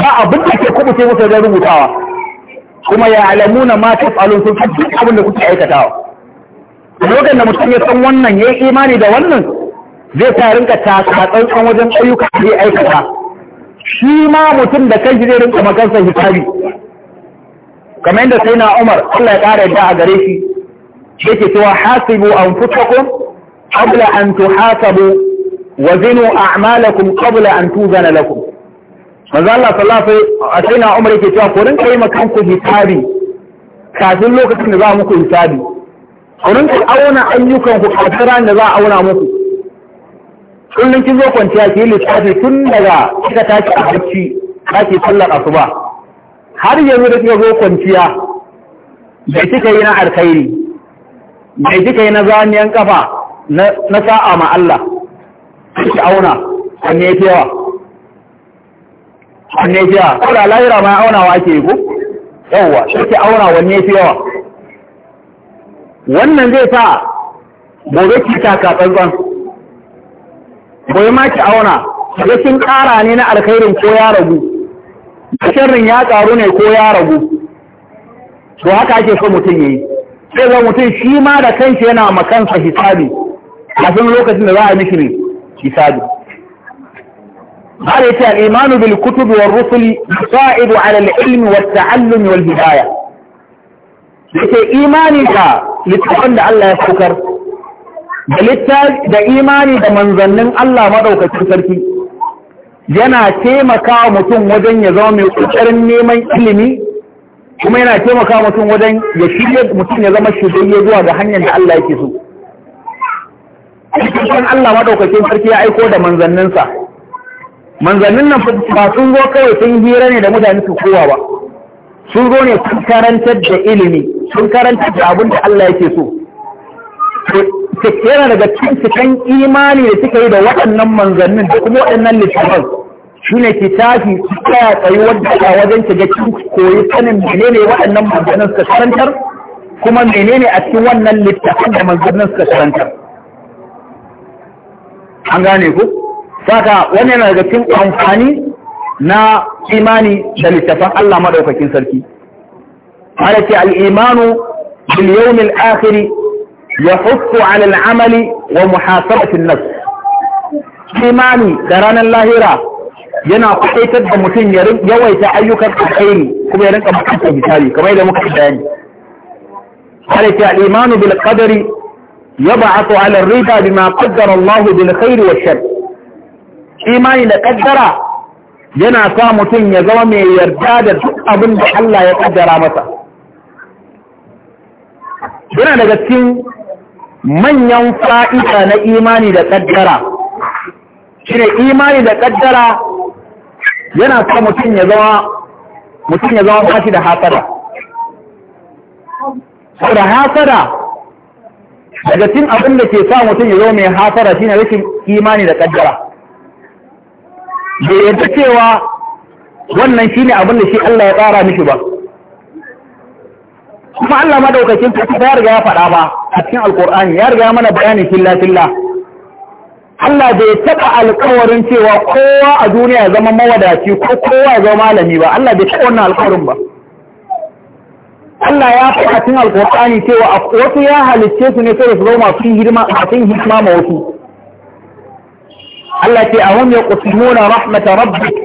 ba abin da ke kubuce musu wajen rubutawa kuma ya na ma ta sun fi abin da kuke aikatawa lokacin da mutum ya san wannan ya yi imani da wannan zai sa rinka tsantsan wajen ayyuka da aikata shi ma mutum da kan shi zai rinka makansa hisabi kamar yadda sai na umar Allah ya ƙara yadda a gare shi shi yake cewa hasibu an futakun qabla an hasabu wa zinu amalakun qabla an zana lakum maza Allah sallallahu a sai na umar yake cewa kurin kai yi makan ku hisabi kafin lokacin da za muku hisabi kurin ka auna ayyukan ku kafin ran da za a auna muku kullum kin zo kwanciya ki yi lissafi tun daga kika tashi a bacci kake sallar asuba har yanzu da suka zo kwanciya da kika yi na alkhairi da kika yi na zaniyan kafa na sa'a ma Allah ki auna wanne yake yawa wanne yake ko da lahira ma aunawa ake yi ko yauwa ki auna wanne yake wannan zai sa gobe ki taka tsantsan gobe ma ki auna ga sun kara ne na alkhairin ko ya ragu sharrin ya karu ne ko ya ragu to haka ake so mutum yayi sai ga mutum shi ma da kanshi yana ma kansa hisabi kafin lokacin da za a mishi ne hisabi هذا يتعى الإيمان بالكتب والرسل يساعد على العلم والتعلم والهداية يتعى إيمانك لتقن الله يسكر da imani da manzannin Allah maɗaukacin sarki yana taimakawa mutum wajen ya zama mai ƙoƙarin neman ilimi kuma yana taimakawa mutum wajen ya shirya mutum ya zama shirye zuwa ga hanyar da Allah yake so cikin Allah maɗaukacin sarki ya aiko da manzanninsa manzannin nan ba sun zo kawai sun hira ne da mutane su kowa ba sun zo ne sun karantar da ilimi sun karantar da abin da Allah yake so yana daga cikin imani da suka yi da waɗannan manzannin da kuma waɗannan littafan shi ne ki tafi ki tsaya tsayi wadda a wajen ki ga kin koyi sanin menene waɗannan manzannin suka karantar kuma menene a cikin wannan littafan da manzannin suka karantar an gane ku saka wani yana daga cikin amfani na imani da littafan Allah madaukakin sarki. Ala ce al-imanu bil yawmil akhir يحث على العمل ومحاسبة النفس إيماني دران الله را ينا قحيت بمتين يرم يوي تأيوك الحين كما يرنك مكتب بتالي كما يرنك مكتب بتالي قالت الإيمان بالقدر يبعث على الرضا بما قدر الله بالخير والشر إيماني لقدر ينا قامتين يزوم يرداد أبن بحلا يقدر مثلا هنا لقد كنت manyan fa’ita na imani da ƙaddara ne imani da ƙaddara yana sa mutum ya zama mutum ya zama fashi da hasada Da hasada daga cin abin da ke sa mutum ya zo mai hasada shi shine rashin imani da ƙaddara bai yadda cewa wannan shi ne abin da shi Allah ya tsara mishi ba kuma Allah madaukakin ta ya riga ya faɗa ba a cikin alkur'ani ya riga mana bayani filla Allah bai taɓa alkawarin cewa kowa a duniya ya zama mawadaci ko kowa zama malami ba Allah bai taɓa wannan alkawarin ba Allah ya fi a cikin alkur'ani cewa wasu ya halicce su ne sai su zama masu hidima a cikin hidima ma wasu Allah ce a hum yaqsimuna rahmata rabbik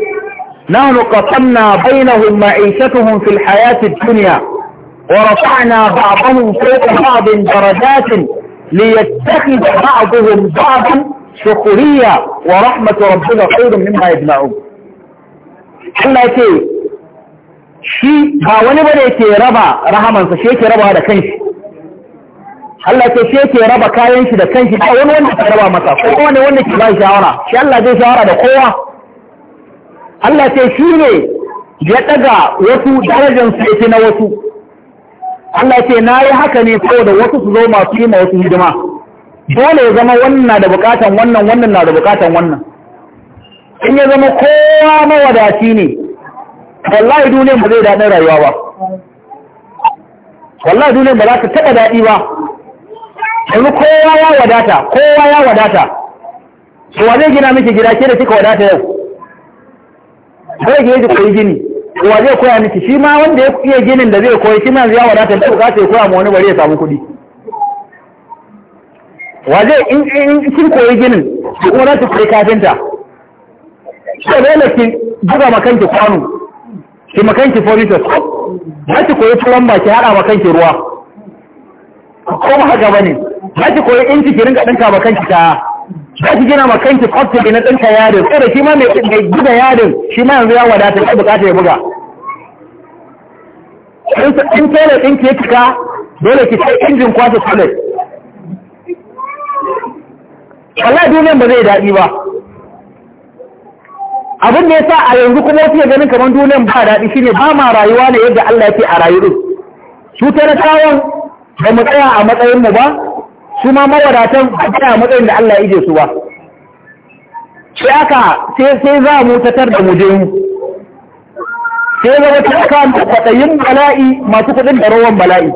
nahnu qasamna bainahum ma'ishatuhum fil hayati dunya ورفعنا بعضهم فوق بعض درجات ليتخذ بعضهم بعضا شكرية ورحمة ربنا خير مما يجمعون Allah ce shi ba wani bane ke raba rahamansa shi yake raba da Allah ce shi yake raba kayan shi da kanshi ba wani wanda ke raba masa ko wani wanda ke ba shawara shi Allah zai shawara da kowa Allah ce shi ne ya daga wasu darajar sai na wasu Allah ya ce na yi haka ne saboda wasu su zo masu yi ma wasu hidima dole ya zama wannan na da bukatan wannan wannan na da bukatan wannan in ya zama kowa mawadaci ne wallahi duniyar ba zai daɗin rayuwa ba wallahi duniyar ba za ta taɓa daɗi ba yanzu kowa ya wadata kowa ya wadata to wa zai gina miki gida ke da kika wadata yau zai gina ki koyi gini wa zai koya miki shi ma wanda ya iya ginin da zai koyi shi ma ya wadata da bukata ya koya ma wani bari ya samu kuɗi wa zai in kin koyi ginin ki kuma za ki koyi kafinta shi dole ki buga makanki kwano ki makanki furniture za ki koyi plumber ki haɗa makanki ruwa ko ba haka bane za ki koyi inci ki rinka ɗinka makanki kaya za ki gina ma kanki kwafta na ɗinka yarin ko da shi ma mai gida yarin shi ma yanzu ya wadata ya bukata ya buga in tele ɗinki ya cika dole ki sai injin kwasa tele Allah duniyan ba zai daɗi ba abin da ya sa a yanzu kuma wasu ganin kamar duniyan ba daɗi shine ba ma rayuwa ne yadda Allah ya a rayu su talakawan ba mu tsaya a matsayinmu ba su ma mawadatan ba a matsayin da Allah ya ije su ba shi aka sai za mu tatar da mu mu sai zama ta aka kwaɗayin bala'i masu kuɗin da rawan bala'i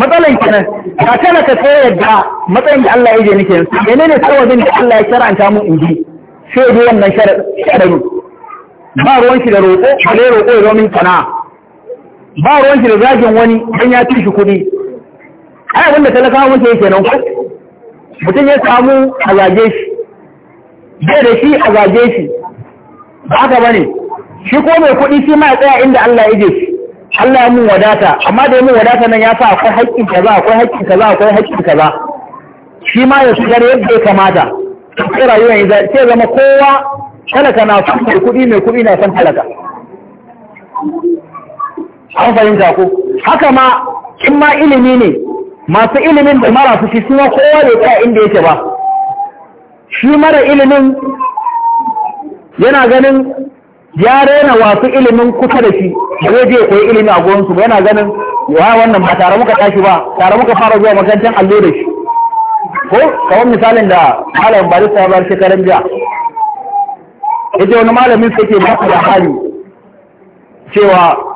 matsalan kenan ta tana ka tsaye yadda matsayin da Allah ya ije nake yanzu menene sarwabin da Allah ya shar'anta mu in ji sai dai wannan sharadin ba ruwan shi da roƙo ba ne roƙo ya zo min sana'a ba shi da zagin wani don ya ci shi kuɗi ai abinda talakawa wanke yake nan ko mutum ya samu a zage shi bai da shi a zage shi ba aka ba ne shi ko mai kuɗi shi ma ya tsaya inda Allah ya je shi Allah ya mun wadata amma da ya mun wadata nan ya sa akwai haƙƙin kaza akwai haƙƙin kaza akwai haƙƙin kaza shi ma ya shigar yadda ya kamata sai rayuwa ya sai zama kowa talaka na son mai kuɗi mai kuɗi na son talaka an fahimta ko haka ma in ma ilimi ne masu ilimin da mara su shi suna kowa ne ta inda yake ba shi mara ilimin yana ganin ya rena wasu ilimin kusa da shi da zai je koyi ilimi a gonsu yana ganin wa wannan ba tare muka tashi ba tare muka fara zuwa makarantar allo da shi ko kawai misalin da malam barista ya bar shekaran jiya ita wani malamin su ke ba da hali cewa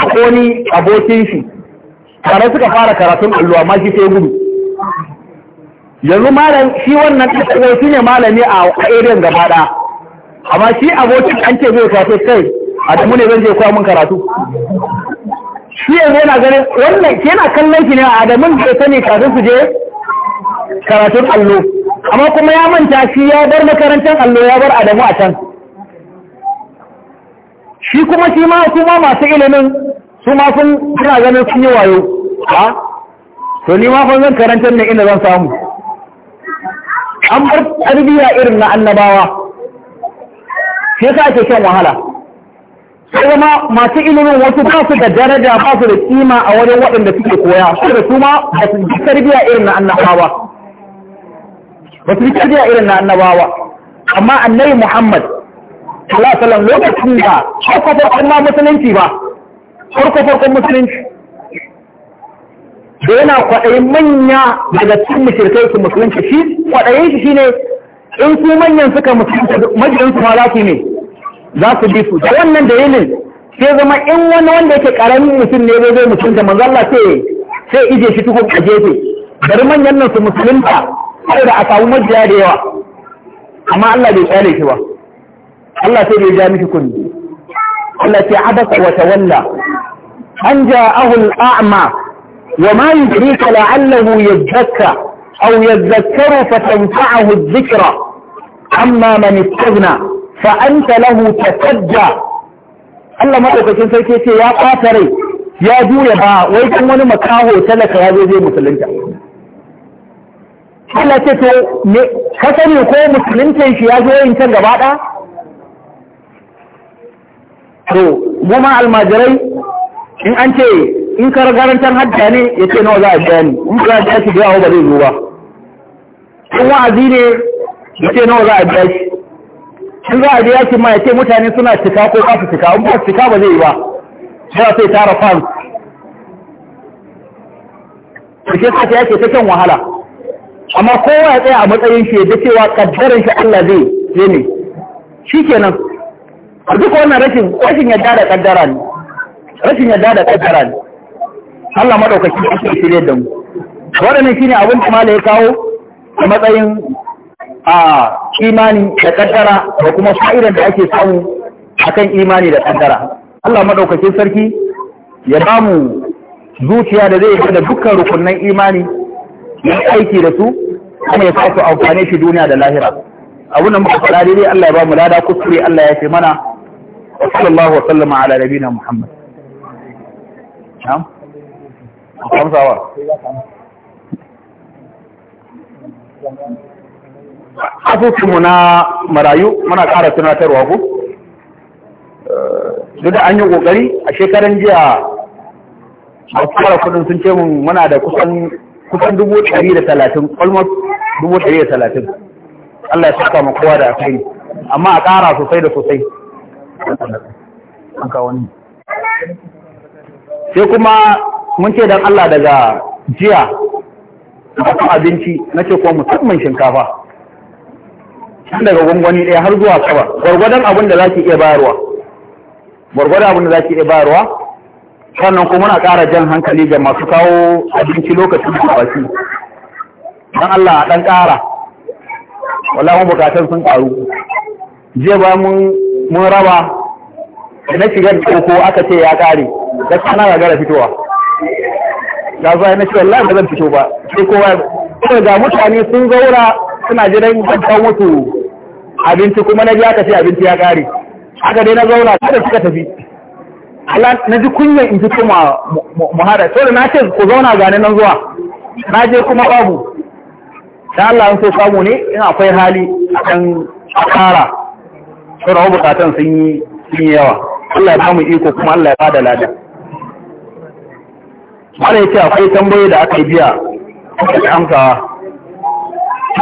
ko ni abokin shi tare suka fara karatun allo amma shi sai gudu yanzu malam shi wannan ɗan shi ne malami a area gaba ɗaya amma shi abokin an ce zai karatu kai a damu ne zan je kwa mun karatu shi yanzu yana ganin wannan yana kallon shi ne a adamin da ya sani kafin su je karatun allo amma kuma ya manta shi ya bar makarantar allo ya bar adamu a can shi kuma shi ma su ma masu ilimin su ma sun suna ganin sun yi wayo ha to ni ma fa zan karanta ne inda zan samu an bar tarbiyya irin na annabawa shi ka ake shan wahala sai kuma masu ilimin wasu ba su da daraja ba su da kima a wajen waɗanda suke koya sai da su ma ba su ji tarbiya irin na annabawa ba su ji tarbiya irin na annabawa amma annabi Muhammad sallallahu lokacin da farko farkon ma musulunci ba farko farkon musulunci da yana kwaɗayi manya daga cikin mashirkai su musulunci shi kwaɗayin shi ne in su manyan suka musulunci majiyar su za su ne za su bi su da wannan dalilin sai zama in wani wanda yake ƙaramin mutum ne zai musulunta manzo Allah sai sai ije shi tukun a gefe bari manyan nan su musulunta sai da a samu majiya da yawa amma Allah bai tsare shi ba Allah sai da ya ja miki kunni Allah ce abasa wa tawalla an ama wa ma yudrika la'allahu yadhakka aw yadhakkaru adh-dhikra amma man istaghna fa anta lahu Allah madaukakin sarki ce ya kwata rai ya juya ba wai kan wani makaho talaka ya zo zai musulunta Allah ce to ka sani ko musuluntan shi ya zo yin can gaba ɗaya to mu ma almajirai in an ce in karagarantar garantar hajja ne ya ce nawa za a biya ni in za a biya shi da yawa ba zai zo ba in wa'azi ne ya ce nawa za a biya shi in za a biya shi ma ya ce mutane suna cika ko ba su cika in ba su cika ba zai yi ba sai sai tara fans to ke sa yake ta kan wahala amma kowa ya tsaya a matsayin shi da cewa kaddaran shi Allah zai yi ne kenan. a duk wannan rashin rashin yadda da kaddara ne rashin yadda da kaddara ne Allah madaukaki yake shirye da mu wannan shine abin da malai ya kawo a matsayin a imani da kaddara da kuma fa'idan da ake samu akan imani da kaddara Allah madaukaki sarki ya ba mu zuciya da zai da dukkan rukunnan imani ya aiki da su kuma ya sa su amfane shi duniya da lahira abun da muka fara daidai Allah ya ba mu lada kuskure Allah ya ce mana وصلى الله وسلم على نبينا محمد نعم خمسة أوار asusunmu na marayu muna ƙara tunatarwa ku eh, duk da an yi ƙoƙari a shekaran jiya a fara kudin sun ce mun muna da kusan dubu ɗari da talatin almost dubu ɗari da talatin Allah ya saka makowa kowa da akai amma a ƙara sosai da sosai sai kuma mun ce don Allah daga jiya a abinci na ce kuma musamman shinkafa tun daga gwangwani ɗaya har zuwa kaba gwargwadon abin da za ki iya bayarwa gwargwadon abin da za ki iya bayarwa sannan kuma muna ƙara jan hankali ga masu kawo abinci lokacin da baki don Allah a ɗan ƙara wala mun bukatar sun ƙaru jiya ba mun mun raba na shigar koko aka ce ya kare da kana ga gara fitowa ga zuwa na shigar lan da zan fito ba sai kowa Kuma ga mutane sun zaura suna jiran kan mutu abinci kuma na biya aka ce abinci ya kare aka dai na zauna kada suka tafi Allah na ji kunya in fito ma muhara to da na ce ku zauna gane nan zuwa na je kuma babu da Allah an so samu ne in akwai hali a kan kara sauran bukatan sun yi yawa Allah ya ba mu iko kuma Allah ya bada lada Mala ya ce akwai tambayi da aka yi biya aka amsa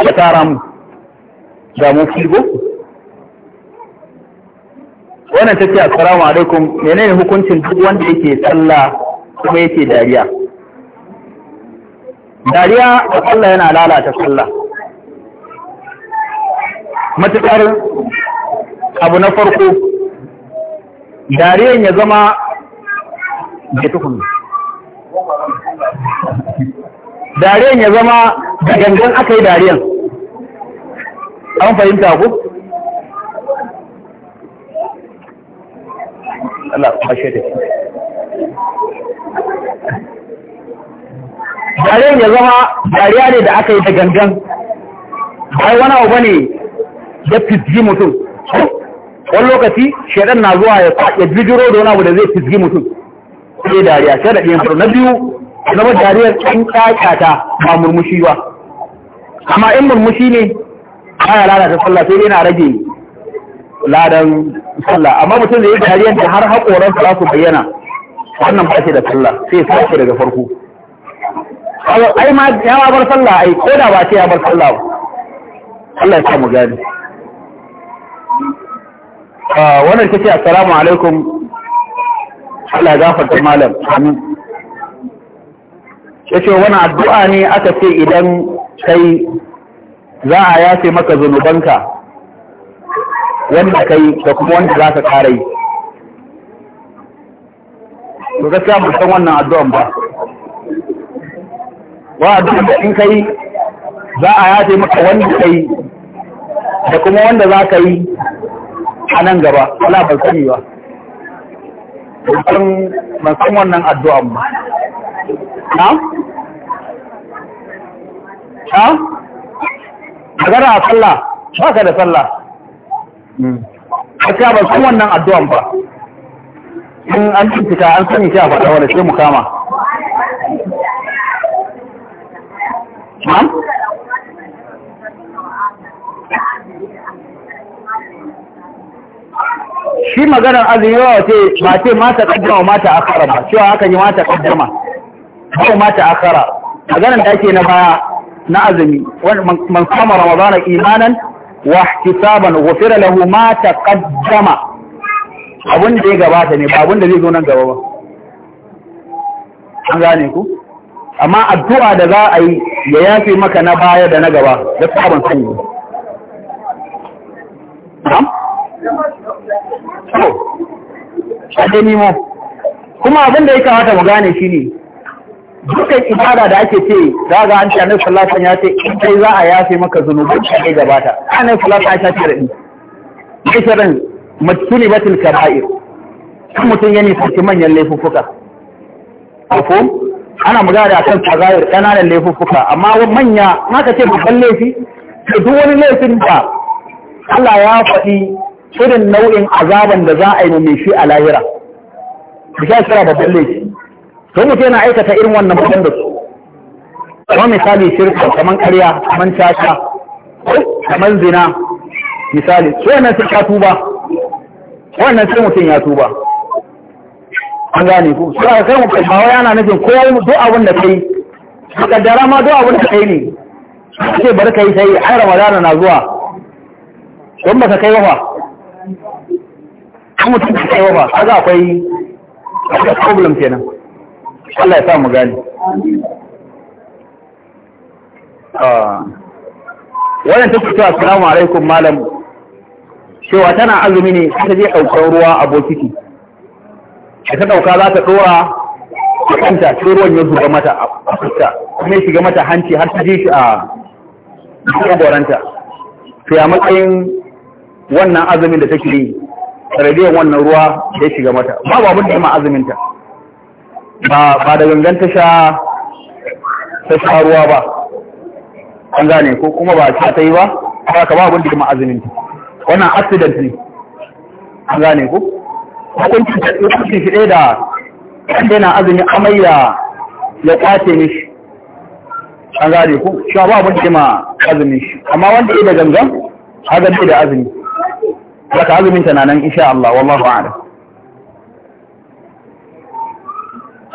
aka tara mu ga mu goku. wannan ta ce assalamu alaikum menene hukuncin duk wanda yake tsalla kuma yake dariya dariya a tsalla yana lalata tsalla matuƙar abu na farko dariyan ya zama da tukun dariyan ya zama da gangan aka yi dariyan an fahimta ku? dariyan ya zama dariya ne da aka yi da gangan bai wani abu ne ya fitji mutum wani lokaci shaidan na zuwa ya ya bijiro da wani abu da zai fisgi mutum sai dariya sai da ɗayan na biyu na ba dariyar ɗan ƙaƙata ba murmushi ba amma in murmushi ne ya lalata sallah sai yana rage ladan sallah amma mutum da ya dariyar da har haƙoran za su bayyana wannan ba shi da sallah sai sace daga farko ai ma ya bar sallah ai ko da ba ce ya bar sallah Allah ya sa mu gani Ah, wannan ce assalamu alaikum Allah gafarta malam amin ce wani addu'a ne aka ce idan kai za a ce maka zunubanka wanda kai da kuma wanda za ka kare yi to gaskiya ba wannan addu'an ba wa addu'a da in kai za a ce maka wanda kai da kuma wanda za ka yi a nan gaba wala ban sani ba ban san wannan addu'an ba ha? na? magana a sallah ba ka da sallah kasiya hmm. ban san wannan addu'an ba in an cikin an sani shi a faɗa wadda sai mu kama ha? shi maganar azumi yawa ce ba ce mata kaddama mata akara ba cewa haka yi mata kaddama ko mata akara maganar da ake na baya na azumi man kama ramadana imanan wa ihtisaban ghufira lahu ma taqaddama abun da ya gabata ne ba abun da zai zo nan gaba ba an gane ku amma addu'a da za a yi ya yafe maka na baya da na gaba da sabon sanyi a nemo kuma abin da ya kamata mu gane shi ne dukkan ibada da ake ce za ga an shanar annabi ya ce in kai za a yafe maka zunubin da kai gabata annabi sallallahu alaihi wasallam ya ce radi kan mutum ya nisanci manyan laifuffuka mafhum ana magana akan kazayir kananan laifuffuka amma manya in aka ce babban laifi Ka duk wani laifin da Allah ya faɗi irin nau'in azaban da za a yi mai shi a lahira da shi kira babban laifi to mutum yana aikata irin wannan mutum da su Kuma misali shirka kamar karya kamar caca kamar zina misali su yana sai ya tuba wannan sai mutum ya tuba an gane ku su aka kai kai ba yana nufin kowa duk abin da kai ka kaddara ma do abin da kai ne ce bar ka yi sai ai ramadana na zuwa don ba ka kai ba. kan mutum da kai ba kaga akwai akwai problem kenan Allah ya sa mu gani ah, wannan ta fito assalamu alaikum malam cewa tana azumi ne ta je ɗaukar ruwa a bokiti da ta ɗauka za ta ɗora a kanta sai ruwan ya zuba mata a fuska kuma ya shiga mata hanci har ta je shi a cikin goranta to matsayin wannan azumin da take yi sanadiyar wannan ruwa ya shiga mata babu abin da ya aziminta ba da gangan ta sha ta sha ruwa ba an gane ko kuma ba ta ta yi ba ba ka ba abin da ya wannan accident ne an gane ko hukuncin hukuncin shi ɗaya da yana azumi da ya kwace shi an gane ko shi ba abin da ya ma'azumin shi amma wanda ya da gangan hagan da azumi Saka azumin ta nan insha Allah wallahu a'lam.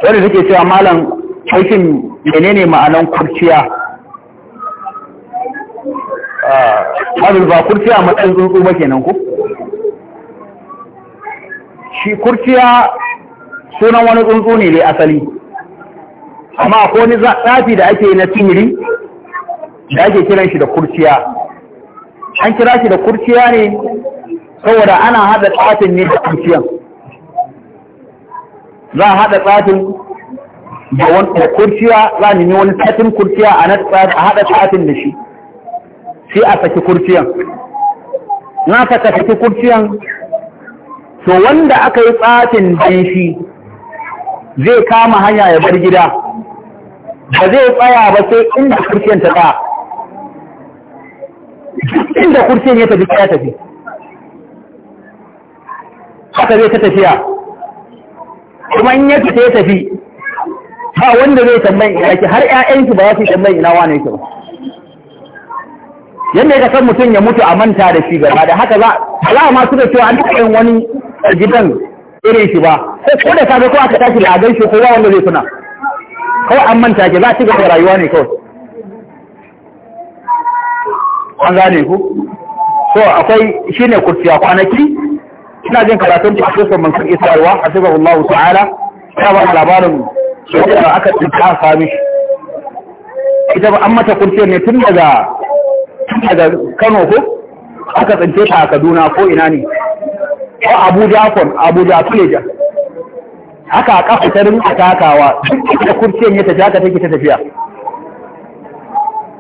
Wanda take cewa malam aikin menene ma'anan kurciya? Azul ah, ba kurciya matsayin tsuntsu ba kenan ku? Shi kurciya sunan wani tsuntsu ne dai asali. Amma ko ni zafi da ake na tsiri da ake kiran shi da kurciya. An kira shi da kurciya ne saboda ana haɗa tsafin ne da kuciyan za a haɗa tsafin da wani kurciya za a nemi wani tsafin kurciya a haɗa tsafin da shi sai a saki kurciyan na saka saki kurciyan to wanda aka yi tsafin don shi zai kama hanya ya bar gida ba zai tsaya ba sai inda kurciyan ta tsaya inda kurciyan ya tafi ya tafi haka zai ta tafiya kuma in yake ta ya tafi ba wanda zai tambayin ina ke har ƴaƴansu ba za su tambayin ina wane ki ba yanda ya san mutum ya mutu a manta da shi gaba da haka za a ma su da cewa an taɓa yin wani gidan irin shi ba ko da safe ko aka tashi da a gaishe ko ba wanda zai tuna kawai an manta ke za a ci gaba da rayuwa ne kawai an gane ku so akwai shine kurciya kwanaki ina jin karatun professor mansur isarwa a shigar allahu ta'ala ta ba labarin shekara aka tsinka sami shi ita ba an mata kurce ne tun daga tun daga kano ko aka tsince ta a kaduna ko ina ne ko abuja kon abuja kuleja haka a kafa ta rinka takawa duk da kurce ne ta jaka take ta tafiya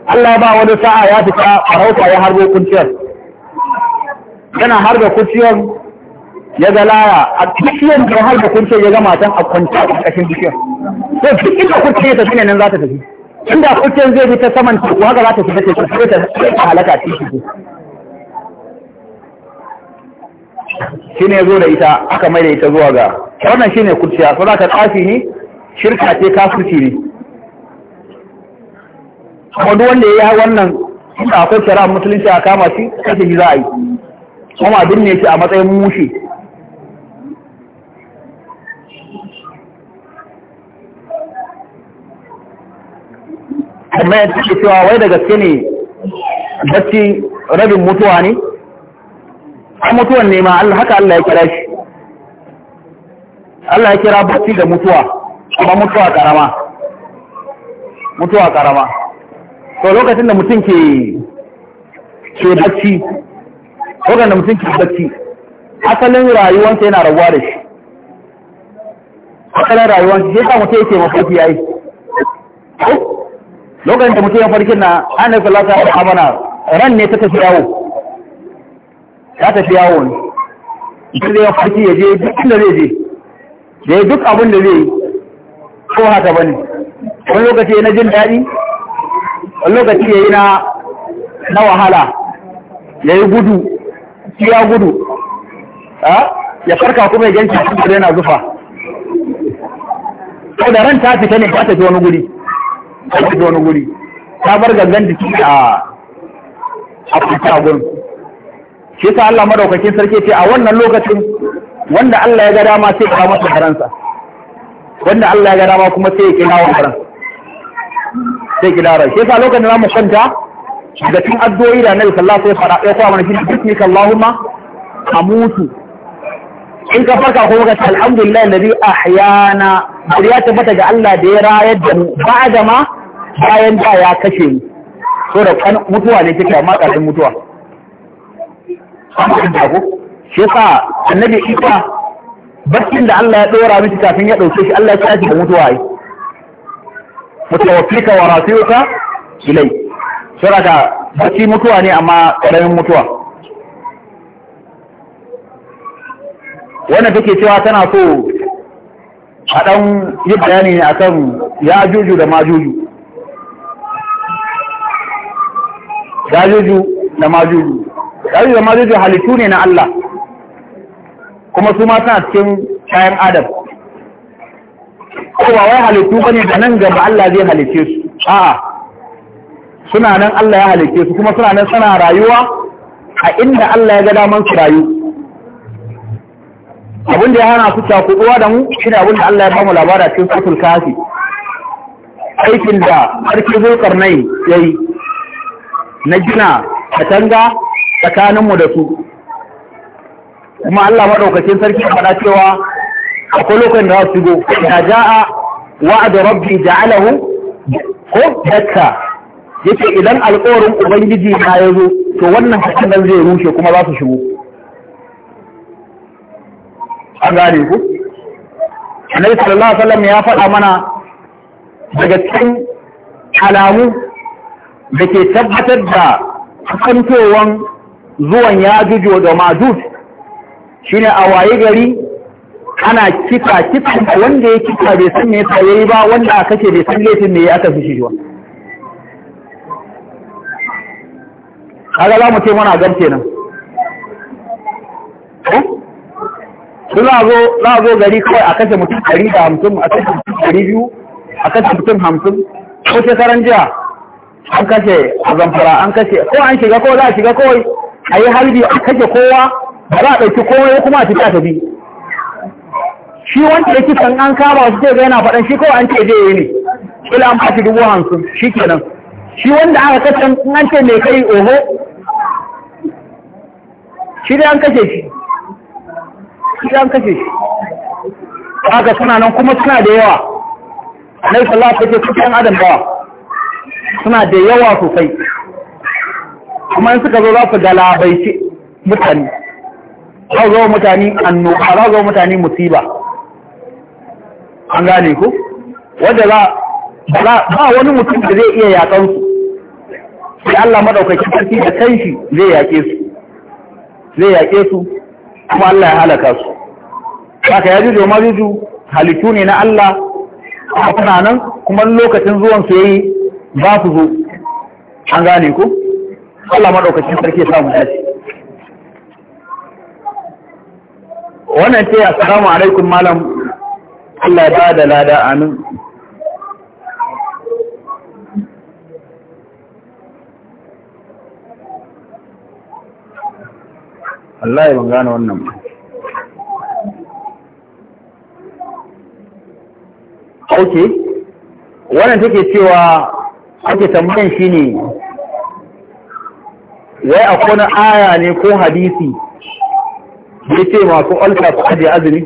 Allah ba wani sa'a ya fita farauta ya harbo kurciyar yana harba kurciyar ya ga laya a bishiyar da har da kunce ya ga matan a kwanta a ƙarƙashin bishiyar to duk inda kunce ya tafi ne nan za ta tafi inda kuncen zai bi ta saman teku haka za ta tafi ta tafi ta halaka ta shi shi ne zo da ita aka mai da ita zuwa ga wannan shi ne kurciya so za ka tsafi ne shirka ce kafirci ne kuma duk wanda ya yi wannan inda akwai shara musulunci a kama shi kashe shi za a yi kuma abin ne shi a matsayin mushi amma yadda ke cewa wai da gaske ne bacci rabin mutuwa ne a mutuwan ne ma haka Allah ya kira shi Allah ya kira bacci da mutuwa kuma mutuwa karama mutuwa karama to lokacin da mutum ke ke bacci lokacin da mutum ke bacci asalin rayuwarsa yana rabuwa da shi asalin rayuwarsa shi ya sa mutum yake mafarki yayi lokacin da mutum ya farkin na ana sallallahu ta wasallam amana ran ne ta tafi yawo ta tafi yawo ne ita zai ya farki ya je duk inda zai je da ya duk abin da zai ko haka ba ne? wani lokaci ya na jin daɗi wani lokaci ya yi na wahala ya yi gudu ya gudu ya farka kuma ya ganci cikin da yana zufa sau da ran ta fita ne ta tafi wani guri ta shiga wani guri ta bar gangan jiki a a kuta a gurin shi ta Allah madaukakin sarki ce a wannan lokacin wanda Allah ya ga dama sai ya masa faransa wanda Allah ya ga dama kuma sai ya kira wa faransa sai ki dara shi yasa lokacin da mu kwanta daga cikin addu'o'i da Annabi sallallahu alaihi wasallam ya koya mana shi bismika Allahumma amutu in ka farka ko ka alhamdulillah alladhi ahyana bari ya tabbata ga Allah da ya rayar da mu ba'da ma bayan da ya kashe ni so da kan mutuwa ne kike amma ƙarshen mutuwa amma da ko shi yasa annabi Isa barkin da Allah ya dora miki kafin ya dauke shi Allah ya kaji da mutuwa ai mutawaffika wa rafiuka ilai saboda barci mutuwa ne amma ƙaramin mutuwa wannan take cewa tana so a ɗan yi bayani ne akan ya juju da ma juju jajuju da majuju jajuju da majuju halittu ne na Allah kuma su mata suna cikin kayan adam ko ba wai halittu ba ne? da nan gaba Allah zai halice su a'a suna nan Allah ya halice su kuma suna nan suna rayuwa a inda Allah ya ga daman su rayu abin da ya hana su cakuduwa da mu shi ne abin da Allah ya bamu labara cikin kafin kafi aikin da karnai ya yi. na gina katanga tsakaninmu da su kuma Allah maɗaukacin sarki a faɗa cewa akwai lokacin da za su go da ja'a wa'ada rabbi alahu ko dakka yake idan alƙawarin ubangiji na ya zo to wannan nan zai rushe kuma za su shigo an gane ku annabi sallallahu alaihi wasallam ya faɗa mana daga cikin alamu da ke tabbatar da kasancewan zuwan ya jujo da majus shi ne a waye gari ana kika kika da wanda ya kika bai san me yasa yi ba wanda aka ce bai san laifin me ya aka fi shi ba kaga za mu ce muna gan kenan su za zo za zo gari kawai a kashe mutum 150 da hamsin a kashe mutum ɗari biyu a kashe mutum hamsin ko shekaran jiya an kashe a zamfara an kashe ko an shiga ko za a shiga kawai a yi harbi a kashe kowa ba za a ɗauki kowa ya kuma a fita tafi shi wanda ya kisan an kama su ce ga yana faɗan shi kawai an ce zai yi ne kila an fashi dubu hamsin shi kenan shi wanda aka kashe an ce mai kai oho shi dai an kashe shi shi dai an kashe shi haka suna nan kuma suna da yawa na yi alaihi wasallam ce kusan adam bawa suna da yawa sosai kuma in suka zo za su galabaici mutane za zo mutane annoba za zo mutane musiba an gane ku Wadda za ba wani mutum da zai iya yakan su sai Allah madaukakin sarki da kanshi zai yake su zai yake su kuma Allah ya halaka su saka ya juju ma juju halittu ne na Allah a nan kuma lokacin zuwan su yayi ba su zo an gane ku Allah maɗaukacin sarki ya samu dace wannan ce a alaikum malam Allah ba da lada amin Allah ya ban gane wannan ba ok wannan take cewa ake tambayan shi ne wai akwai na aya ne ko hadisi ya ce masu alka su ajiye azumi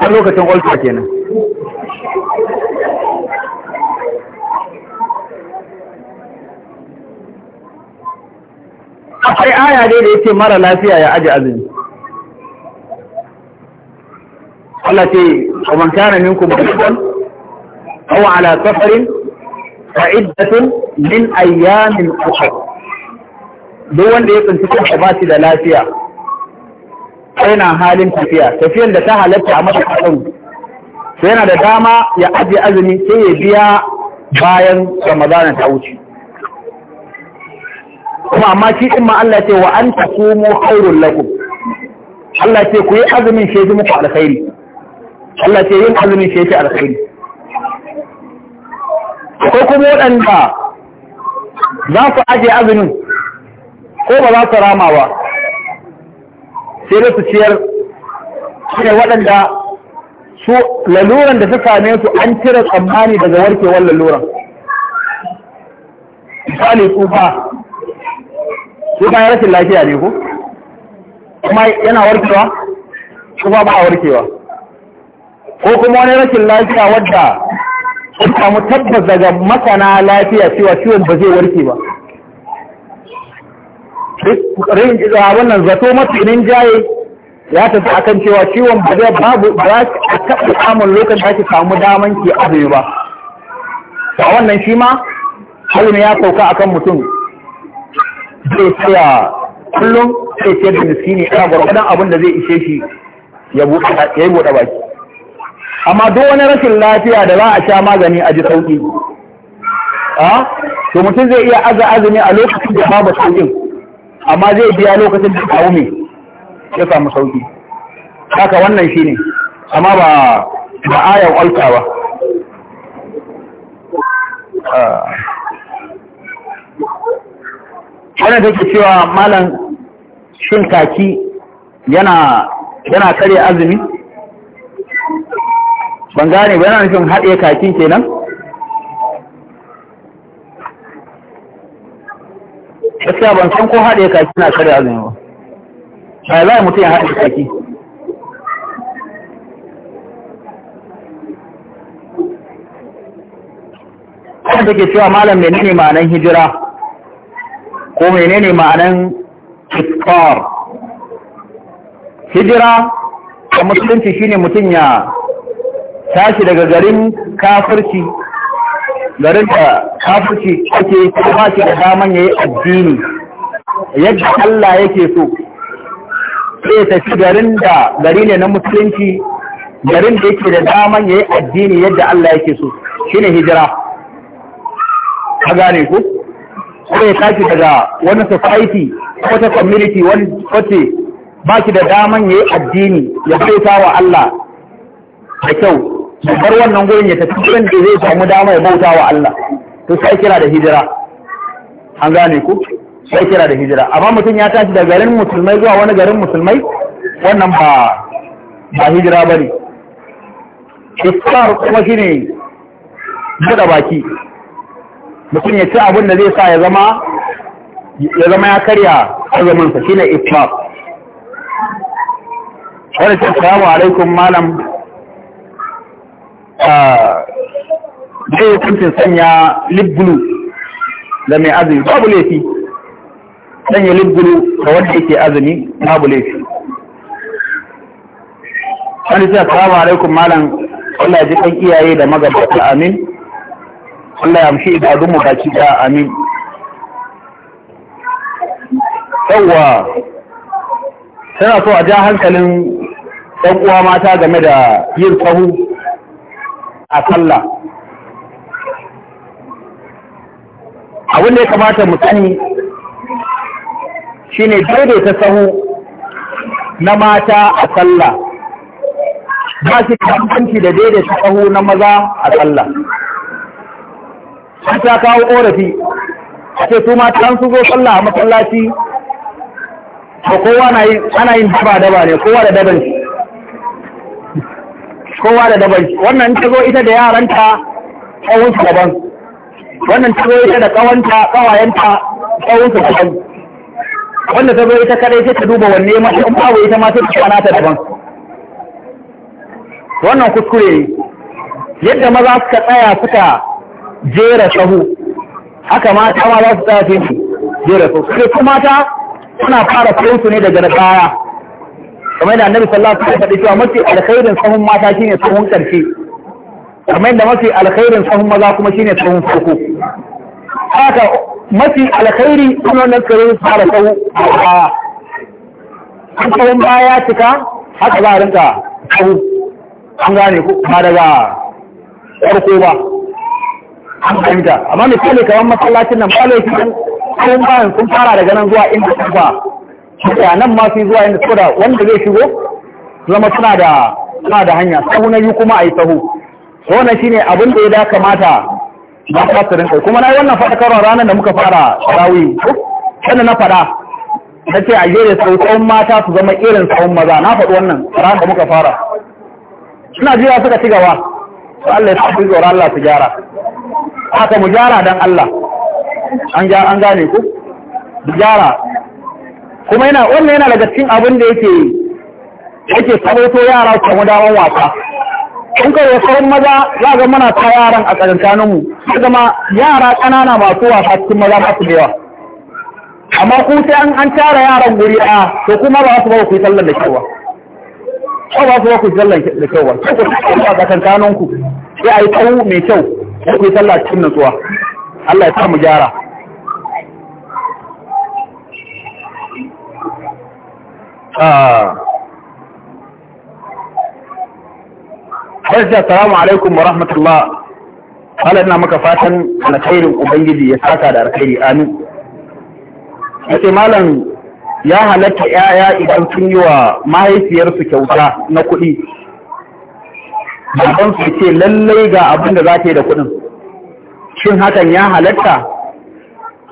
a lokacin alka kenan akwai aya ne da ya ce mara lafiya ya ajiye azumi Allah ce wa man kana minkum maridan aw ala safarin fa min ayyamin ukhra wanda ya tsinci kansa ba shi da lafiya sai na halin tafiya tafiyan da ta halarta a masa kasan sai yana da dama ya ajiye azumi sai ya biya bayan ramadana ta wuce kuma amma shi din ma Allah ce wa an tasumu khairul lakum Allah ce ku yi azumin shi muku alkhairi Allah ce yin azumi ce yake alkhairi Ko kuma waɗanda za su aje azumin ko ba za su rama ba sai da su ciyar ne waɗanda su laluran da ta same su an cire tsammani daga warkewar laluran misali tsufa tsufa ya rashin lafiya ne ko kuma yana warkewa tsufa ba a warkewa ko kuma wani rashin lafiya wadda sun samu tabbas daga masana lafiya cewa ciwon ba zai warke ba nan zato nin jaye ya tafi akan cewa ciwon ba zai babu ba a taɓa samun lokacin da ake samu daman ke azumi ba a wannan shi ma halin ya sauka akan mutum zai tsaya kullum sai ce da miskini ya gwargwadon abin da zai ishe shi ya yi buɗe baki amma duk wani rashin lafiya da za a sha magani a ji sauƙi, a to mutum zai iya aza azumi a lokacin da babu sauƙin amma zai biya lokacin da kawo mai ya samu sauƙi, haka wannan shi ne, amma ba da ayan alka ba wannan ke cewa malam shin kaki yana yana kare azumi ban gane ba yana nufin haɗe kaki kenan gaskiya ban san ko haɗe kaki na karya azumi ba ya za a mutum ya haɗe kaki kuma take cewa malam menene ma'anan hijira ko menene ma'anan iftar hijira a musulunci shine mutum ya tashi daga garin kafirci garin da kafirci ake kuma shi da daman ya yi addini yadda Allah yake so sai tafi garin da gari ne na musulunci garin da yake da daman ya yi addini yadda Allah yake so shine hijira ka gane ku sai ya tashi daga wani society ko ta community wani wace ba shi da daman ya yi addini ya baita wa Allah da kyau ya bar wannan gurin ya tafi gurin da zai samu dama ya bauta wa Allah to sai kira da hijira an gane ku sai kira da hijira amma mutum ya tashi da garin musulmai zuwa wani garin musulmai wannan ba ba hijira bane iftar kuma shine buɗe baki mutum ya ci abin da zai sa ya zama ya zama ya karya azumin sa shine iftar wani ce salamu alaikum malam zai hukuncin sanya libbulu da mai azumi babu laifi sanya libbulu da wanda yake azumi babu laifi wani sai assalamu alaikum malam Allah ya ji kan iyaye da magabata amin Allah ya idanun mu baki da amin yawwa tana so a ja hankalin ɗan uwa mata game da yin sahu a sallah abin da ya kamata mu sani shine ta sahu na mata a sallah ba shi kamfanci da daidaita sahu na maza a sallah sun ta kawo korafi a ce su mata an su zo sallah a masallaci ko kowa ana yin daba daba ne kowa da dabanci kowa da daban wannan ta zo ita da yaranta su daban wannan ta zo ita da kawanta kawayenta su daban wanda ta zo ita kadai sai ta duba wanne ma in babu ita ma sai ta kwana ta daban wannan kuskure ne yadda maza suka tsaya suka jera sahu haka mata ma za su tsaya su jera sahu sai kuma mata suna fara su ne daga baya kamar da annabi sallallahu alaihi wasallam ya faɗi cewa mafi alkhairin sahun mata shine sahun karshe kamar da mafi alkhairin sahun maza kuma shine sahun farko haka mafi alkhairi kuma na tsare fara sahu a an sahun baya cika haka za a rinka sahu an gane ku ba daga farko ba an fahimta amma misali kamar masallacin nan ba laifin sahun bayan sun fara daga nan zuwa inda sun fara mutanen masu zuwa inda suka da wanda zai shigo zama suna da suna da hanya sahu na yi kuma a yi sahu wannan shine abin da ya da kamata ba ka tsirin kai kuma na yi wannan faɗakarwa ranar da muka fara rawi sannan na faɗa na ce a gere tsawon mata su zama irin tsawon maza na faɗi wannan ranar da muka fara suna jira suka ci gaba su Allah ya tafi zuwa Allah su gyara haka mu gyara don Allah an gane ku gyara kuma yana wannan yana daga cikin abin da yake yake sabaito yara su samu damar wasa in ka sauran maza za ga muna ta yaran a tsakankanin mu sai zama yara ƙanana masu wasa cikin maza ba su da amma ku sai an an tara yaran guri a to kuma ba su ba ku sallan da kyau ba ba su ba ku sallan da kyau ba sai ku a tsakankanin ku sai a yi tsawo mai kyau ku sallah cikin nutsuwa Allah ya sa mu gyara Ah. Barja, salamu alaikum wa rahmatullah. Halar na maka fatan kairin Ubangiji ya saka da alkhairi amin. Yace malam ya halatta ‘ya'ya idan sun yi wa mahaifiyarsu kyauta na kuɗi, baban su ce lallai ga abin da za ta yi da kuɗin. Shin hakan ya halatta?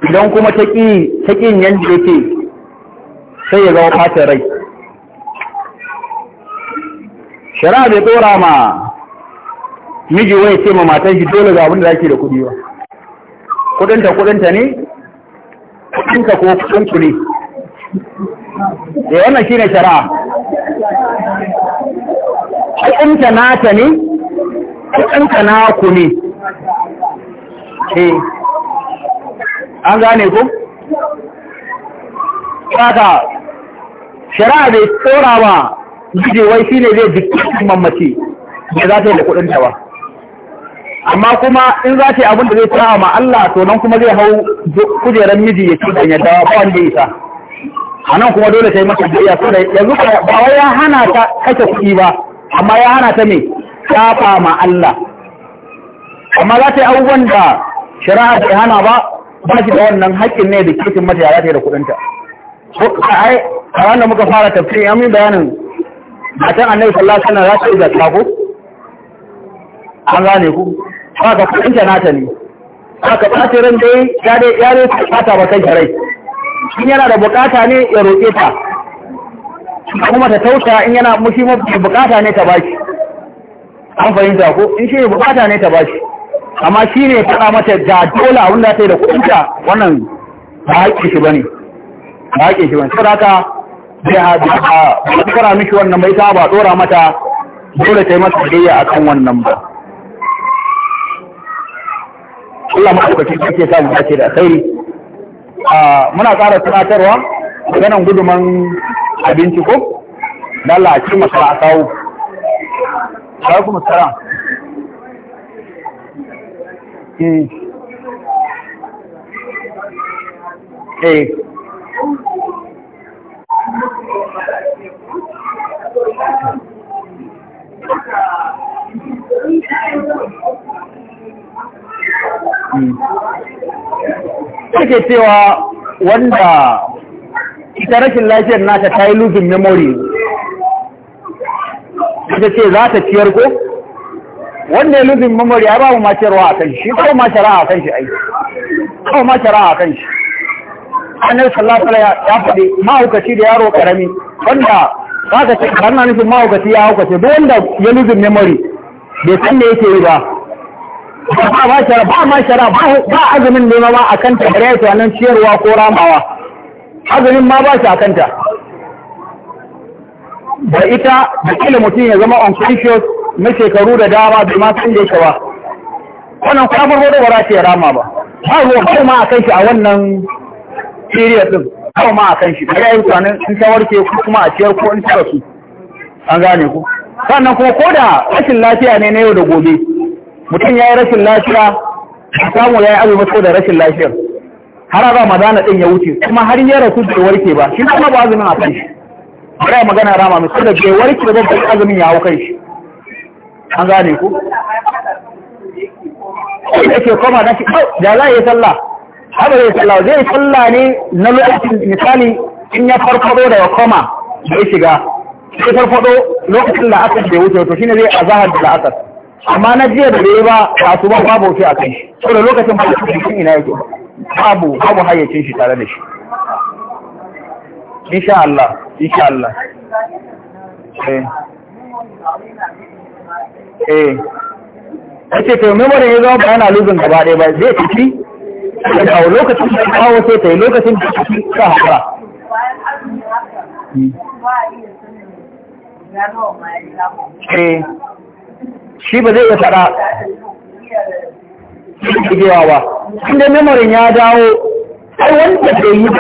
Idan kuma ta ƙin yadda yake sai ya zama fatin rai shari'a bai tsora ma miji wai ce ma matan shi dole ga abin da ake da kuɗi ba kudinta kudinta ne kuɗinka ko kuɗinku ne da eh, wannan shi ne shari'a kuɗinta nata ne kuɗinka naku ne eh, an gane ku? Saka shari'a bai tsora ba gije wai shi ne zai jikin mamaci da za ta yi da kuɗinta ba amma kuma in za ta yi abin da zai tsora ma Allah to nan kuma zai hau kujerar miji ya ci da yadda ba da isa a nan kuma dole ta yi masa biyayya so da yanzu ba wai ya hana ta kashe kuɗi ba amma ya hana ta me tsafa ma Allah amma za ta yi abubuwan da shari'a bai hana ba ba shi da wannan haƙƙin ne da kitin mata ya za ta yi da kuɗinta a wanda muka fara tafiya, ya min bayanin matan annabi sallallahu alaihi wasallam za ta yi zakka an gane ku haka kudin ta nata ne haka bata ran dai ya dai ya dai bata ba kai rai in yana da bukata ne ya roƙe ta kuma ta tausa in yana mushi bukata ne ta bashi an fahimta ko in shi bukata ne ta bashi amma shi ne faɗa mata ga dola wanda da ta yi da kudin wannan ba haƙƙi shi ba ne. Da haƙe shi wani saraka zai haɗu ba ta kara miki wannan bai ta ba tsora mata dole ta yi masa gayya a kan wannan ba Allah maɗaukaki kake ke samun dace da sai muna ƙara tunatarwa ganin guduman abinci ko da Allah a ci masa a kawo alaikum assalam eh eh Take cewa wanda ita rashin lafiyar nata ta yi losing memory ita ce za ta ciyar ko? Wanda ya losing memory ya ba mu ma ciyarwa a kan shi, kawo ma shara a kan shi aiki, kawo ma shara a kan shi. anar sallasala ya faɗi ma'aukaci da yaro ƙarami wanda kaka ce har na nufin mahaukaci ya haukace duk wanda ya lose memory bai san me yake yi ba ba ma shara ba ma shara ba azumin ne ma a kanta bare ya nan ciyarwa ko ramawa azumin ma ba shi a kanta da ita da kila mutum ya zama unconscious na shekaru da dama bai ma san da yake ba wannan kwamar hodo ba za ta yi rama ba ba ruwa ma a kai shi a wannan period din kawo ma a kan shi ɗaya yin tunanin in ta warke ko kuma a ciyar ko in ta rasu an gane ku sannan kuma ko da rashin lafiya ne na yau da gobe mutum ya yi rashin lafiya a samu ya yi azumi ko da rashin lafiyar har ramadana ɗin ya wuce kuma har yi rasu bai warke ba shi kuma ba azumin a kan shi ya magana rama mai saboda bai warke da zai azumin ya hau kan shi an gane ku ke koma na shi da za a yi sallah haka zai sallah zai tsalla ne na lokacin misali in ya farfado daga koma da ya shiga sai farfado lokacin la'asar da ya wuce to shine zai zahar da la'asar amma na jiya da bai ba su ba babu shi a kai so da lokacin ba shi cikin ina yake babu babu hayyacin shi tare da shi insha Allah insha Allah eh eh ce to memory ya zama ba yana luzin gaba ɗaya ba zai fiti? ta yi iya faɗa ba. ya dawo, wanda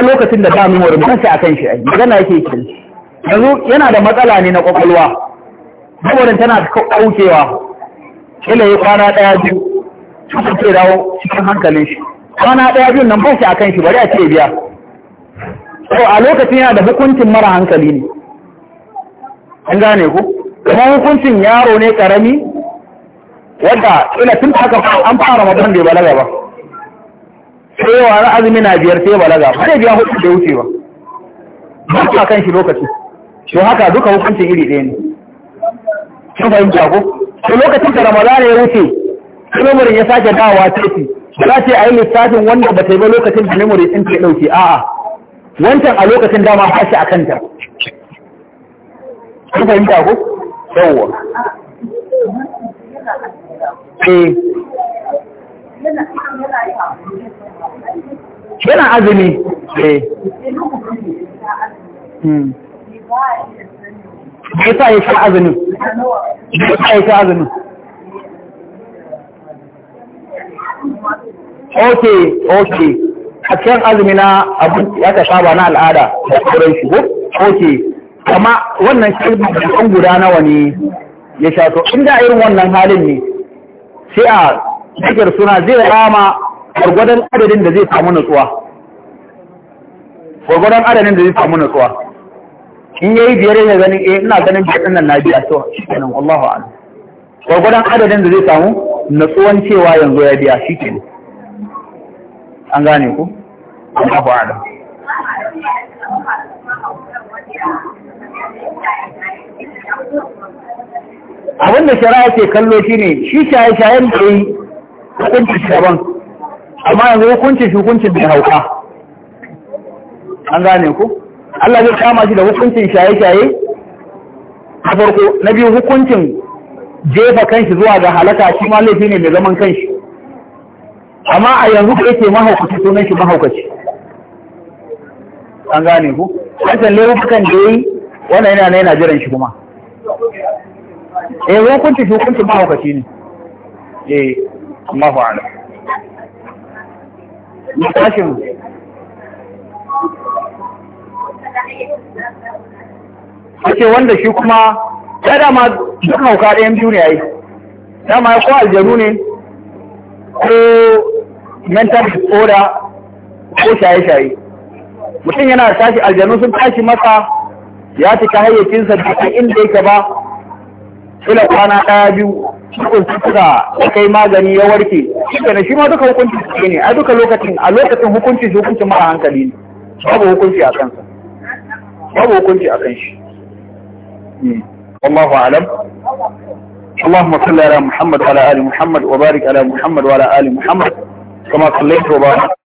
da ba memorin kansa shi magana yana da matsala ne na ƙwaƙwalwa. Memorin tana kaukewa. Kila yi kwana ɗaya biyu, cikin ke dawo cikin hankalin shi. kwana ɗaya biyun nan ba shi a kan shi bari a ce biya to a lokacin yana da hukuncin mara hankali ne an gane ku kuma hukuncin yaro ne ƙarami wadda ina tun haka an fara ramadan bai balaga ba sai yawa na azumi na biyar sai balaga ba zai biya hukuncin da wuce ba ba a kan shi lokaci to haka duka hukuncin iri ɗaya ne sun fahimta ko to lokacin da ramadana ya wuce sai ya sake dawowa tafi ba za ce a yi lissafin wanda ba ta yi ba lokacin da memory ɗin ta ɗauke a'a wancan a lokacin dama ba shi a kanta kun fahimta ko yawwa eh yana azumi eh ya sa ya azumin ya sa ya sha azumin oke oke a cikin azumi na abin ya ta saba na al'ada da sauran shi oke kama wannan shirin da kan guda nawa ne ya sha to in da irin wannan halin ne sai a zikir suna zai rama gwargwadon adadin da zai samu nutsuwa gwargwadon adadin da zai samu nutsuwa in yayi biyar ya gani eh ina ganin biyar nan na biya to shikenan Allahu a'lam gwargwadon adadin da zai samu nutsuwan cewa yanzu ya biya shikenan an gane ku Allahu a'lam abin da shari'a ke kallo shi ne shi shaye-shayen da yi hukunci shaban amma yanzu hukunci shi hukuncin da hauka an gane ku Allah zai kama shi da hukuncin shaye-shaye na farko na biyu hukuncin jefa kanshi zuwa ga halaka shi ma laifi ne mai zaman kanshi amma a yanzu da yake mahaukaci sunan shi mahaukaci an gane ku hakan laifukan da yi wannan yana yana jiran shi kuma eh hukunci shi hukunci mahaukaci ne eh Allahu a'lam mutashin ake wanda shi kuma ta dama duk hauka ɗayan biyu ne ya yi dama ya ko aljanu ne ko mental disorder ko shaye-shaye mutum yana tashi aljanu sun tashi masa ya cika hayyacinsa da inda yake ba ila kwana ɗaya biyu cikin suka kai magani ya warke shi shi ma duka hukunci su ne a duka lokacin a lokacin hukunci su hukunci mara hankali ne babu hukunci a kansa babu hukunci a kan shi hmm. Allahu alam اللهم صل على محمد وعلى آل محمد وبارك على محمد وعلى آل محمد كما صليت وباركت